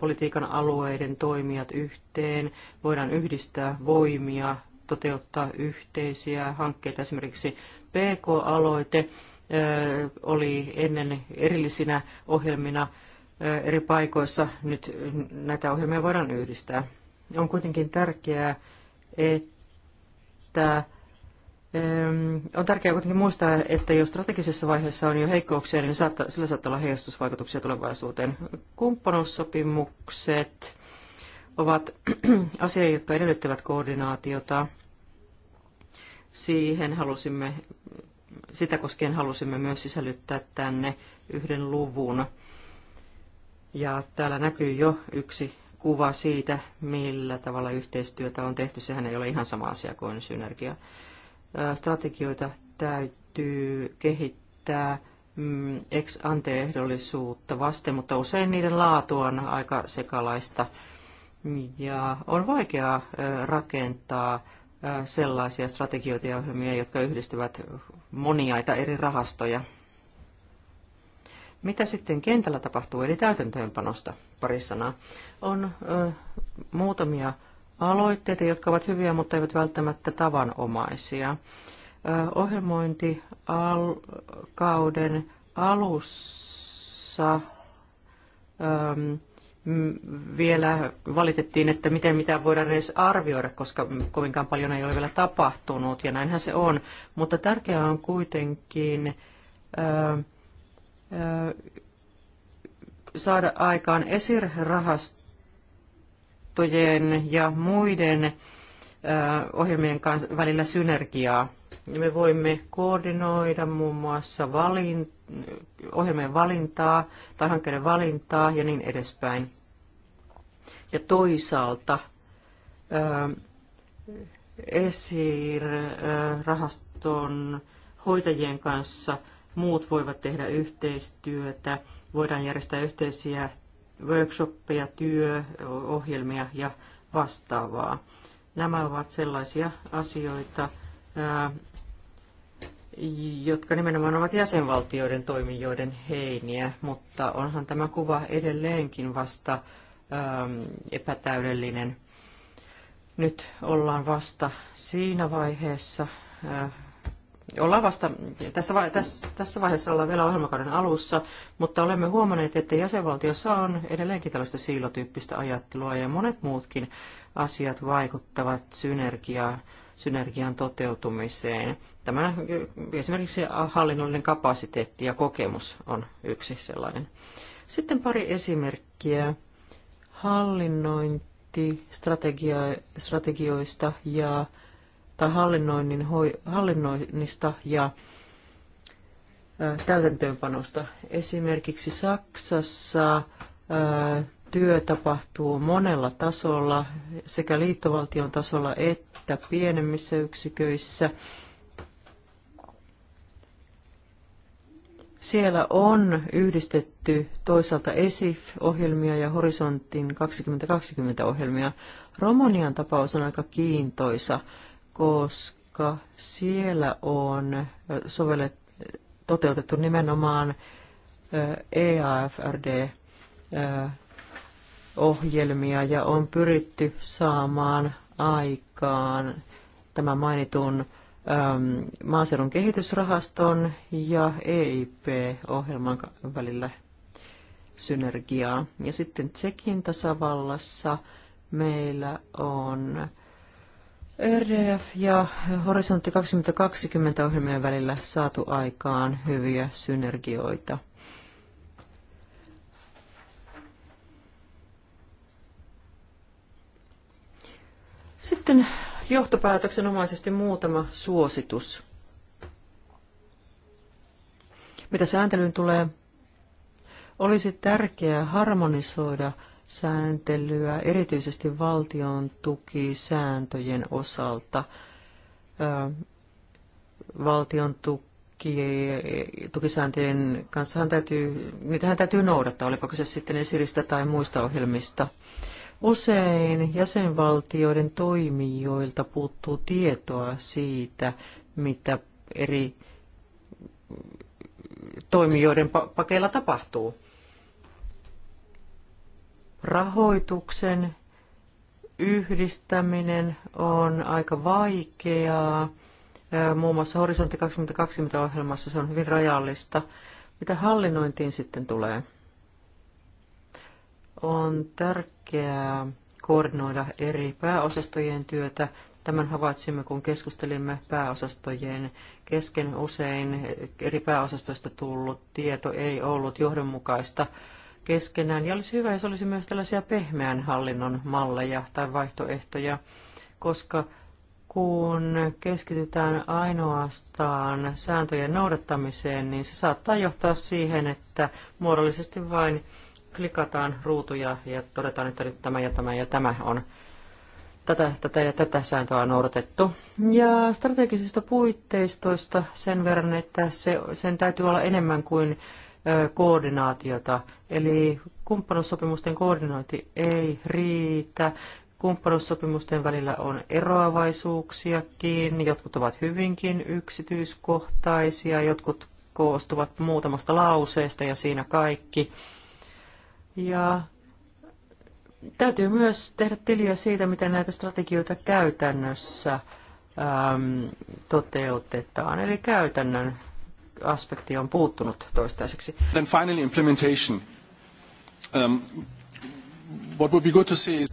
politiikan alueiden toimijat yhteen, voidaan yhdistää voimia, toteuttaa yhteisiä hankkeita. Esimerkiksi PK-aloite äh, oli ennen erillisinä ohjelmina äh, eri paikoissa. Nyt näitä ohjelmia voidaan yhdistää. On kuitenkin tärkeää, että Ehm, on tärkeää kuitenkin muistaa, että jos strategisessa vaiheessa on jo heikkouksia, niin sillä saattaa olla heijastusvaikutuksia tulevaisuuteen. Kumppanuussopimukset ovat [CLEARS THROAT] asia, jotka edellyttävät koordinaatiota. Siihen halusimme, sitä koskien halusimme myös sisällyttää tänne yhden luvun. Ja täällä näkyy jo yksi kuva siitä, millä tavalla yhteistyötä on tehty. Sehän ei ole ihan sama asia kuin synergia strategioita täytyy kehittää mm, ex ante ehdollisuutta vasten, mutta usein niiden laatu on aika sekalaista ja on vaikeaa rakentaa sellaisia strategioita ja ohjelmia, jotka yhdistyvät moniaita eri rahastoja. Mitä sitten kentällä tapahtuu, eli täytäntöönpanosta pari sanaa. On ö, muutamia aloitteita, jotka ovat hyviä, mutta eivät välttämättä tavanomaisia. Ohjelmointikauden alussa vielä valitettiin, että miten mitä voidaan edes arvioida, koska kovinkaan paljon ei ole vielä tapahtunut, ja näinhän se on. Mutta tärkeää on kuitenkin saada aikaan esirahast verkostojen ja muiden ohjelmien kanssa välillä synergiaa. Me voimme koordinoida muun muassa valin, ohjelmien valintaa tai hankkeiden valintaa ja niin edespäin. Ja toisaalta ESIR-rahaston hoitajien kanssa muut voivat tehdä yhteistyötä, voidaan järjestää yhteisiä workshoppeja, työohjelmia ja vastaavaa. Nämä ovat sellaisia asioita, jotka nimenomaan ovat jäsenvaltioiden toimijoiden heiniä, mutta onhan tämä kuva edelleenkin vasta epätäydellinen. Nyt ollaan vasta siinä vaiheessa ollaan vasta, tässä, vai, tässä, tässä vaiheessa ollaan vielä ohjelmakauden alussa, mutta olemme huomanneet, että jäsenvaltiossa on edelleenkin tällaista siilotyyppistä ajattelua ja monet muutkin asiat vaikuttavat synergiaan synergian toteutumiseen. Tämä esimerkiksi hallinnollinen kapasiteetti ja kokemus on yksi sellainen. Sitten pari esimerkkiä hallinnointistrategioista ja tai hallinnoinnin, hallinnoinnista ja täytäntöönpanosta. Esimerkiksi Saksassa työ tapahtuu monella tasolla, sekä liittovaltion tasolla että pienemmissä yksiköissä. Siellä on yhdistetty toisaalta ESIF-ohjelmia ja Horisontin 2020-ohjelmia. Romanian tapaus on aika kiintoisa koska siellä on sovellet, toteutettu nimenomaan EAFRD ohjelmia ja on pyritty saamaan aikaan tämän mainitun maaseudun kehitysrahaston ja EIP-ohjelman välillä synergiaa. Ja sitten Tsekin tasavallassa meillä on RDF ja Horisontti 2020 ohjelmien välillä saatu aikaan hyviä synergioita. Sitten johtopäätöksenomaisesti muutama suositus. Mitä sääntelyyn tulee, olisi tärkeää harmonisoida sääntelyä, erityisesti valtion tukisääntöjen osalta. Valtion tuki, tukisääntöjen kanssa täytyy, niitähän täytyy noudattaa, olipa kyse sitten esiristä tai muista ohjelmista. Usein jäsenvaltioiden toimijoilta puuttuu tietoa siitä, mitä eri toimijoiden pakeilla tapahtuu rahoituksen yhdistäminen on aika vaikeaa. Muun muassa Horisontti 2020-ohjelmassa se on hyvin rajallista. Mitä hallinnointiin sitten tulee? On tärkeää koordinoida eri pääosastojen työtä. Tämän havaitsimme, kun keskustelimme pääosastojen kesken usein eri pääosastoista tullut tieto ei ollut johdonmukaista keskenään. Ja olisi hyvä, jos olisi myös tällaisia pehmeän hallinnon malleja tai vaihtoehtoja, koska kun keskitytään ainoastaan sääntöjen noudattamiseen, niin se saattaa johtaa siihen, että muodollisesti vain klikataan ruutuja ja todetaan, että nyt tämä ja tämä ja tämä on tätä, tätä ja tätä sääntöä on noudatettu. Ja strategisista puitteistoista sen verran, että se, sen täytyy olla enemmän kuin koordinaatiota. Eli kumppanuussopimusten koordinointi ei riitä. Kumppanuussopimusten välillä on eroavaisuuksiakin. Jotkut ovat hyvinkin yksityiskohtaisia, jotkut koostuvat muutamasta lauseesta ja siinä kaikki. Ja täytyy myös tehdä tiliä siitä, miten näitä strategioita käytännössä äm, toteutetaan. Eli käytännön aspekti on puuttunut toistaiseksi. Then finally implementation. Um, what would be good to see is...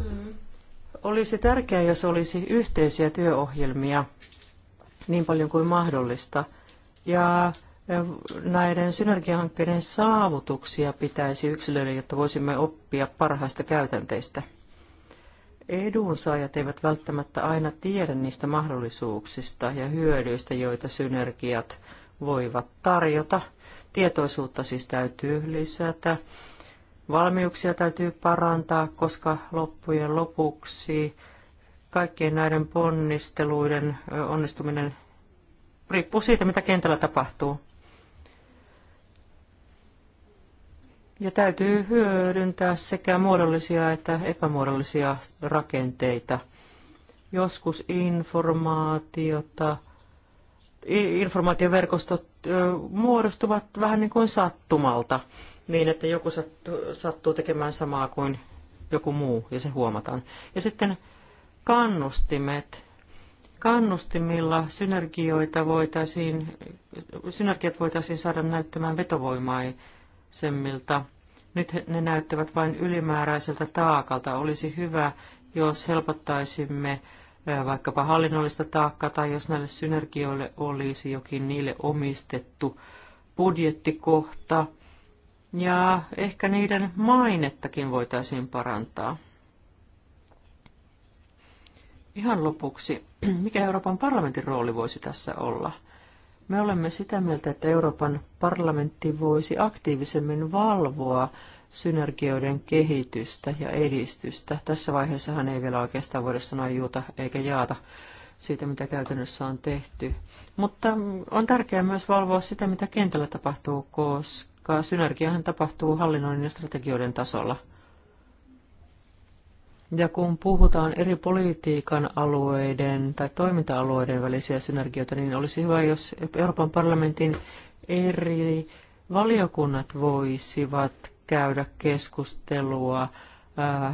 Olisi tärkeää, jos olisi yhteisiä työohjelmia niin paljon kuin mahdollista. Ja eh, näiden synergiahankkeiden saavutuksia pitäisi yksilöidä, jotta voisimme oppia parhaista käytänteistä. Edunsaajat eivät välttämättä aina tiedä niistä mahdollisuuksista ja hyödyistä, joita synergiat voivat tarjota. Tietoisuutta siis täytyy lisätä. Valmiuksia täytyy parantaa, koska loppujen lopuksi kaikkien näiden ponnisteluiden onnistuminen riippuu siitä, mitä kentällä tapahtuu. Ja täytyy hyödyntää sekä muodollisia että epämuodollisia rakenteita. Joskus informaatiota informaatioverkostot muodostuvat vähän niin kuin sattumalta, niin että joku sattuu tekemään samaa kuin joku muu, ja se huomataan. Ja sitten kannustimet. Kannustimilla synergioita voitaisiin, synergiat voitaisiin saada näyttämään vetovoimaisemmilta. Nyt ne näyttävät vain ylimääräiseltä taakalta. Olisi hyvä, jos helpottaisimme vaikkapa hallinnollista taakkaa tai jos näille synergioille olisi jokin niille omistettu budjettikohta. Ja ehkä niiden mainettakin voitaisiin parantaa. Ihan lopuksi, [CLEARS THROAT] mikä Euroopan parlamentin rooli voisi tässä olla? Me olemme sitä mieltä, että Euroopan parlamentti voisi aktiivisemmin valvoa synergioiden kehitystä ja edistystä. Tässä vaiheessa hän ei vielä oikeastaan voida sanoa juuta eikä jaata siitä, mitä käytännössä on tehty. Mutta on tärkeää myös valvoa sitä, mitä kentällä tapahtuu, koska synergiahan tapahtuu hallinnoinnin ja strategioiden tasolla. Ja kun puhutaan eri politiikan alueiden tai toiminta-alueiden välisiä synergioita, niin olisi hyvä, jos Euroopan parlamentin eri valiokunnat voisivat käydä keskustelua äh,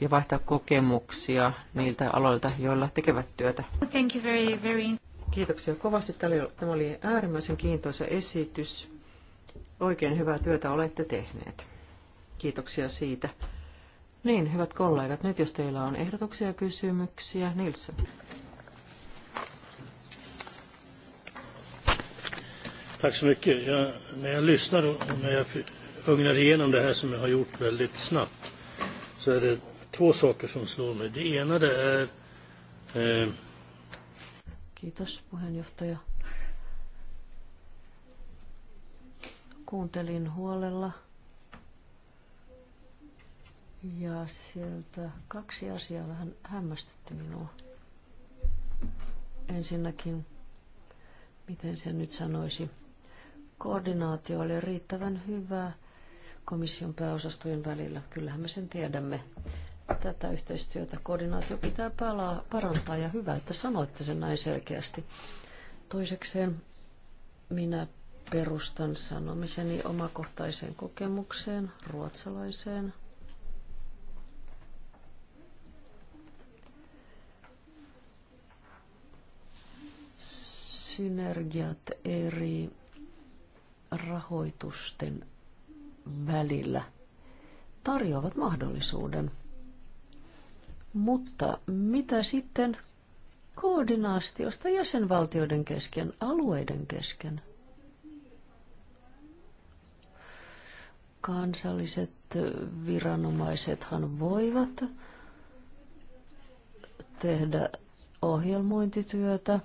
ja vaihtaa kokemuksia niiltä aloilta, joilla tekevät työtä. Thank you very, very... Kiitoksia kovasti. Tämä oli äärimmäisen kiintoisa esitys. Oikein hyvää työtä olette tehneet. Kiitoksia siitä. Niin, hyvät kollegat, nyt jos teillä on ehdotuksia ja kysymyksiä, Nilsson. Tack så mycket. Jag, när jag lyssnar och när jag ögnar igenom det här som jag har gjort väldigt snabbt så är det två saker som slår mig. Det ena det är... Eh... Kiitos puheenjohtaja. Kuuntelin huolella ja sieltä kaksi asiaa vähän hämmästytti minua. Ensinnäkin, miten se nyt sanoisi, koordinaatio oli riittävän hyvää komission pääosastojen välillä. Kyllähän me sen tiedämme. Tätä yhteistyötä, koordinaatio pitää palaa, parantaa ja hyvä, että sanoitte sen näin selkeästi. Toisekseen minä perustan sanomiseni omakohtaiseen kokemukseen, ruotsalaiseen. Synergiat eri rahoitusten välillä tarjoavat mahdollisuuden. Mutta mitä sitten koordinaatiosta jäsenvaltioiden kesken, alueiden kesken? Kansalliset viranomaisethan voivat tehdä ohjelmointityötä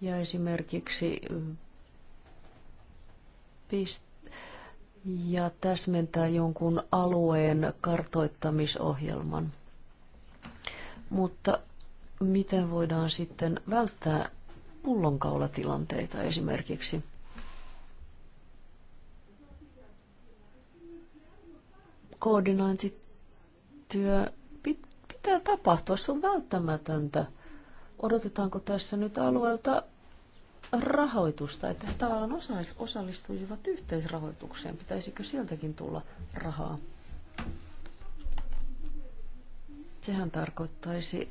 ja esimerkiksi pist- ja täsmentää jonkun alueen kartoittamisohjelman. Mutta miten voidaan sitten välttää pullonkaulatilanteita esimerkiksi? Koordinointityö pitää tapahtua, se on välttämätöntä. Odotetaanko tässä nyt alueelta rahoitusta, että he tavallaan osallistuisivat yhteisrahoitukseen. Pitäisikö sieltäkin tulla rahaa? Sehän tarkoittaisi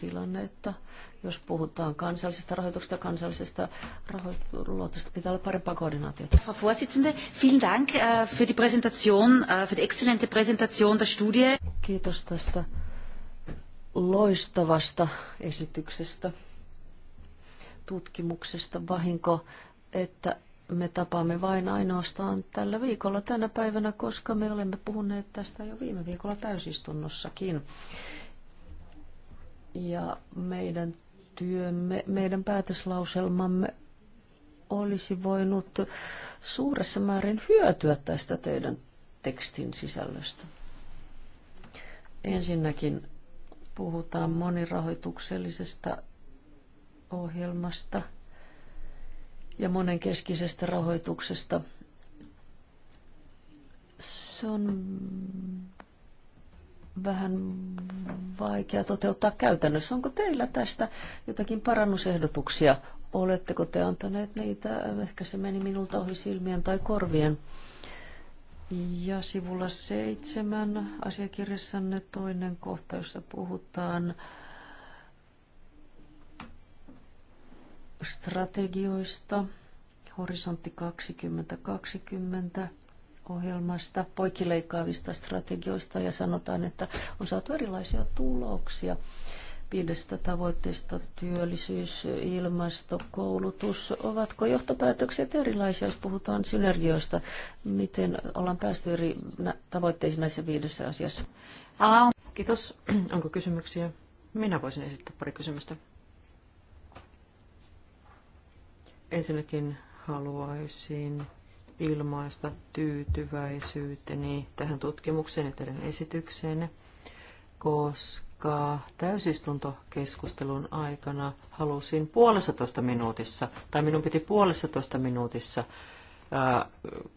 tilanne, että jos puhutaan kansallisesta rahoituksesta, kansallisesta rahoituksesta, pitää olla parempaa koordinaatiota. Frau Vorsitzende, vielen Dank äh, für die Präsentation, äh, für die exzellente Präsentation der Studie. Kiitos tästä loistavasta esityksestä tutkimuksesta vahinko, että me tapaamme vain ainoastaan tällä viikolla tänä päivänä, koska me olemme puhuneet tästä jo viime viikolla täysistunnossakin. Ja meidän työmme, meidän päätöslauselmamme olisi voinut suuressa määrin hyötyä tästä teidän tekstin sisällöstä. Ensinnäkin puhutaan monirahoituksellisesta ohjelmasta ja monenkeskisestä rahoituksesta. Se on vähän vaikea toteuttaa käytännössä. Onko teillä tästä jotakin parannusehdotuksia? Oletteko te antaneet niitä? Ehkä se meni minulta ohi silmien tai korvien. Ja sivulla seitsemän asiakirjassanne toinen kohta, jossa puhutaan äh, strategioista, horisontti 2020 ohjelmasta, poikileikkaavista strategioista ja sanotaan, että on saatu erilaisia tuloksia viidestä tavoitteesta, työllisyys, ilmasto, koulutus. Ovatko johtopäätökset erilaisia, jos puhutaan synergioista? Miten ollaan päästy eri tavoitteisiin näissä viidessä asiassa? Kiitos. Onko kysymyksiä? Minä voisin esittää pari kysymystä. Ensinnäkin haluaisin ilmaista tyytyväisyyteni tähän tutkimukseen ja teidän esitykseen, koska täysistuntokeskustelun aikana halusin puolessatoista minuutissa, tai minun piti puolessatoista minuutissa ää,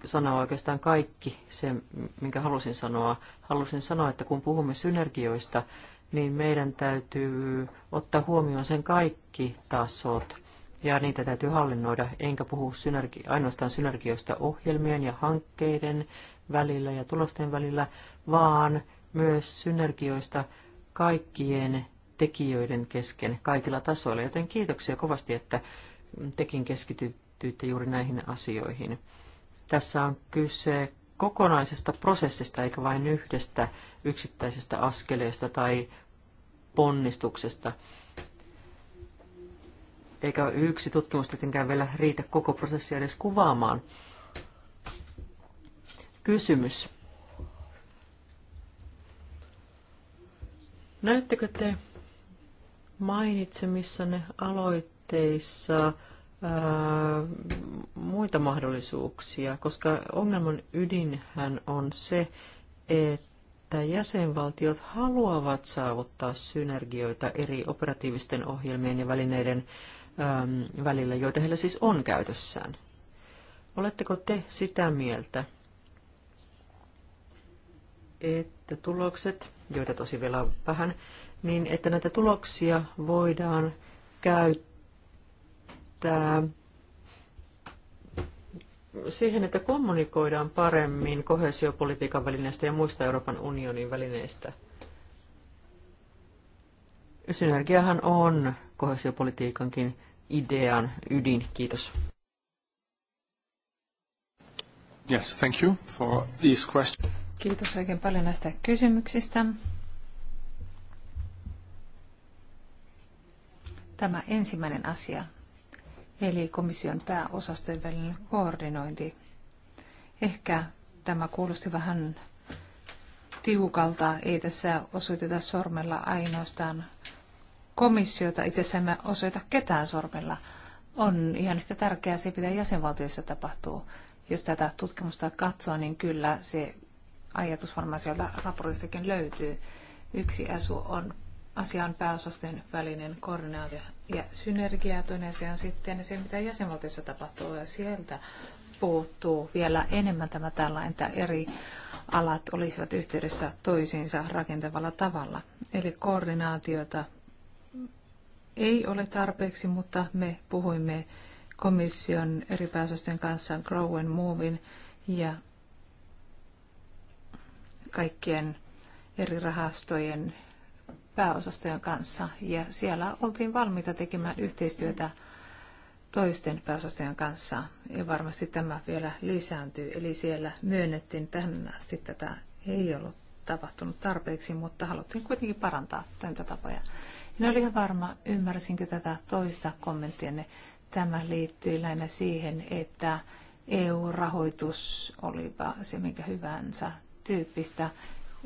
sanoa oikeastaan kaikki se, minkä halusin sanoa. Halusin sanoa, että kun puhumme synergioista, niin meidän täytyy ottaa huomioon sen kaikki tasot – ja niitä täytyy hallinnoida, enkä puhu synergi- ainoastaan synergioista ohjelmien ja hankkeiden välillä ja tulosten välillä, vaan myös synergioista kaikkien tekijöiden kesken kaikilla tasoilla. Joten kiitoksia kovasti, että tekin keskityitte juuri näihin asioihin. Tässä on kyse kokonaisesta prosessista eikä vain yhdestä yksittäisestä askeleesta tai ponnistuksesta eikä yksi tutkimus tietenkään vielä riitä koko prosessia edes kuvaamaan. Kysymys. Näettekö te mainitsemissanne aloitteissa ää, muita mahdollisuuksia, koska ongelman ydinhän on se, että jäsenvaltiot haluavat saavuttaa synergioita eri operatiivisten ohjelmien ja välineiden Ähm, välillä, joita heillä siis on käytössään. Oletteko te sitä mieltä, että tulokset, joita tosi vielä on vähän, niin että näitä tuloksia voidaan käyttää siihen, että kommunikoidaan paremmin kohesiopolitiikan välineistä ja muista Euroopan unionin välineistä – Synergiahan on kohesiopolitiikankin idean ydin. Kiitos. Yes, thank you for these questions. Kiitos oikein paljon näistä kysymyksistä. Tämä ensimmäinen asia, eli komission pääosastojen välinen koordinointi. Ehkä tämä kuulosti vähän tiukalta, ei tässä osoiteta sormella ainoastaan komissiota emme osoita ketään sormella. On ihan yhtä tärkeää se, mitä jäsenvaltioissa tapahtuu. Jos tätä tutkimusta katsoo, niin kyllä se ajatus varmaan sieltä raportistakin löytyy. Yksi asu on asian pääosasten välinen koordinaatio ja synergia. Toinen se on sitten se, mitä jäsenvaltiossa tapahtuu ja sieltä puuttuu vielä enemmän tämä tällainen, että eri alat olisivat yhteydessä toisiinsa rakentavalla tavalla. Eli koordinaatiota ei ole tarpeeksi, mutta me puhuimme komission eri pääsosten kanssa Grow and Movein ja kaikkien eri rahastojen pääosastojen kanssa. Ja siellä oltiin valmiita tekemään yhteistyötä toisten pääosastojen kanssa. Ja varmasti tämä vielä lisääntyy. Eli siellä myönnettiin tähän asti tätä ei ollut tapahtunut tarpeeksi, mutta haluttiin kuitenkin parantaa toimintatapoja. Minä no ole ihan varma, ymmärsinkö tätä toista kommenttia. Tämä liittyy lähinnä siihen, että EU-rahoitus olipa se minkä hyvänsä tyyppistä,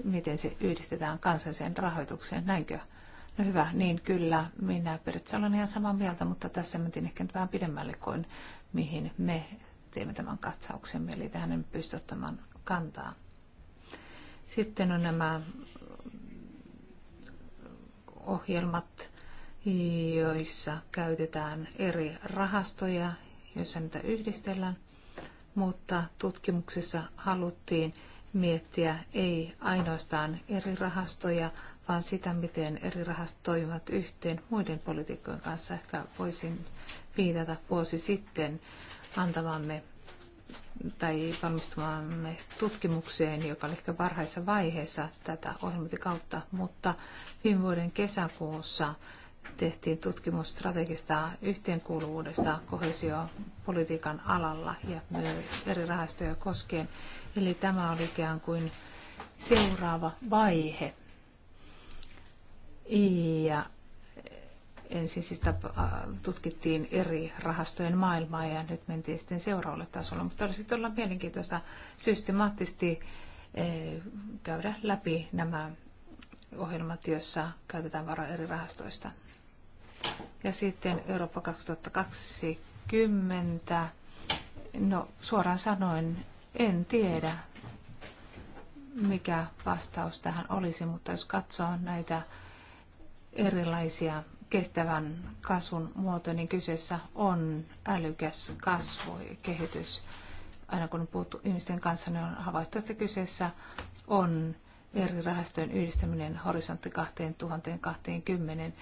miten se yhdistetään kansalliseen rahoitukseen, näinkö? No hyvä, niin kyllä, minä periaatteessa olen ihan samaa mieltä, mutta tässä mentiin ehkä nyt vähän pidemmälle kuin mihin me teemme tämän katsauksen, eli tähän en pysty ottamaan kantaa. Sitten on nämä ohjelmat, joissa käytetään eri rahastoja, joissa niitä yhdistellään, mutta tutkimuksessa haluttiin miettiä ei ainoastaan eri rahastoja, vaan sitä, miten eri rahastot toimivat yhteen muiden poliitikkojen kanssa. Ehkä voisin viitata vuosi sitten antavamme tai valmistumaan tutkimukseen, joka oli ehkä varhaisessa vaiheessa tätä kautta, mutta viime vuoden kesäkuussa tehtiin tutkimus strategista yhteenkuuluvuudesta kohesiopolitiikan alalla ja myös eri rahastoja koskien. Eli tämä oli ikään kuin seuraava vaihe. Ja ensin siis äh, tutkittiin eri rahastojen maailmaa ja nyt mentiin sitten seuraavalle tasolle. Mutta olisi todella mielenkiintoista systemaattisesti eh, käydä läpi nämä ohjelmat, joissa käytetään varoja eri rahastoista. Ja sitten Eurooppa 2020. No suoraan sanoen en tiedä, mikä vastaus tähän olisi, mutta jos katsoo näitä erilaisia kestävän kasvun muoto, niin kyseessä on älykäs kasvu ja kehitys. Aina kun on puhuttu ihmisten kanssa, niin on havaittu, että kyseessä on eri rahastojen yhdistäminen horisontti 2020.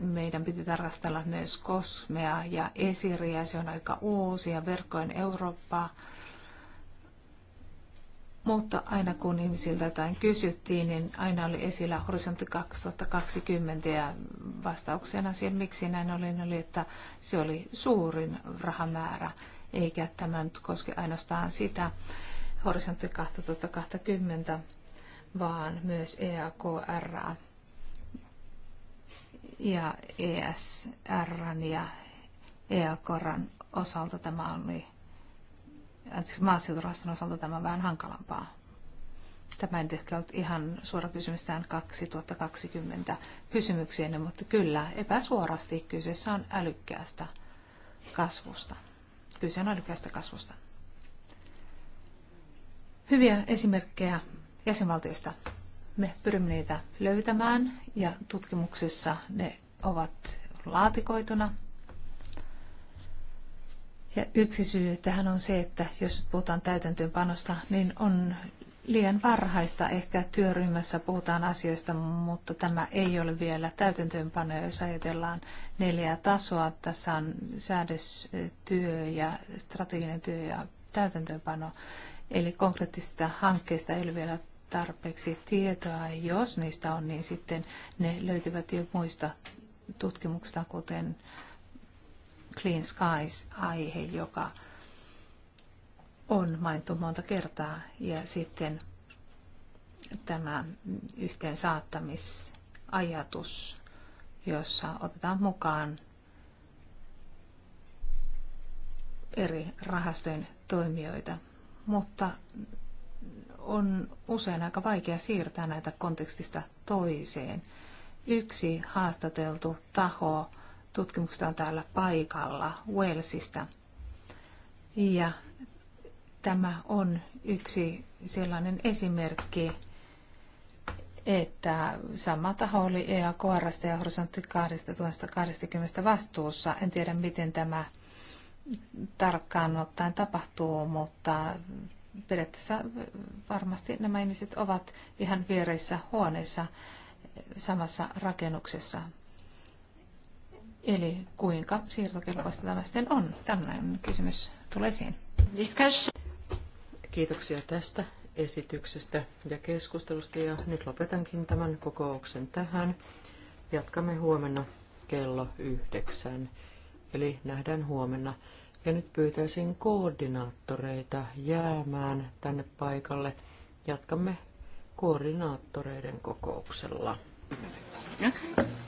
meidän piti tarkastella myös Kosmea ja Esiriä, se on aika uusi, ja verkkojen Eurooppaa mutta aina kun ihmisiltä jotain kysyttiin, niin aina oli esillä horisontti 2020 ja vastauksena siihen, miksi näin oli, niin oli, että se oli suurin rahamäärä, eikä tämä nyt koske ainoastaan sitä horisontti 2020, vaan myös EAKR ja ESR ja EAKRn osalta tämä oli maaseuturahaston osalta tämä on vähän hankalampaa. Tämä ei ehkä ollut ihan suora kysymys tähän 2020 kysymykseen, mutta kyllä epäsuorasti kyseessä on älykkäästä kasvusta. Kyse on älykkäästä kasvusta. Hyviä esimerkkejä jäsenvaltioista. Me pyrimme niitä löytämään ja tutkimuksessa ne ovat laatikoituna ja yksi syy tähän on se, että jos puhutaan täytäntöönpanosta, niin on liian varhaista. Ehkä työryhmässä puhutaan asioista, mutta tämä ei ole vielä täytäntöönpano. Jos ajatellaan neljää tasoa, tässä on säädöstyö ja strateginen työ ja täytäntöönpano. Eli konkreettisista hankkeista ei ole vielä tarpeeksi tietoa. Jos niistä on, niin sitten ne löytyvät jo muista tutkimuksista, kuten Clean Skies-aihe, joka on mainittu monta kertaa. Ja sitten tämä yhteen saattamisajatus, jossa otetaan mukaan eri rahastojen toimijoita. Mutta on usein aika vaikea siirtää näitä kontekstista toiseen. Yksi haastateltu taho tutkimuksesta on täällä paikalla Walesista. Ja tämä on yksi sellainen esimerkki, että sama taho oli EAKRsta ja horisontti 2020 vastuussa. En tiedä, miten tämä tarkkaan ottaen tapahtuu, mutta periaatteessa varmasti nämä ihmiset ovat ihan viereissä huoneissa samassa rakennuksessa. Eli kuinka siirtokelpoista tämä sitten on? Tällainen kysymys tulee esiin. Kiitoksia tästä esityksestä ja keskustelusta ja nyt lopetankin tämän kokouksen tähän. Jatkamme huomenna kello yhdeksän, eli nähdään huomenna. Ja nyt pyytäisin koordinaattoreita jäämään tänne paikalle. Jatkamme koordinaattoreiden kokouksella. Okay.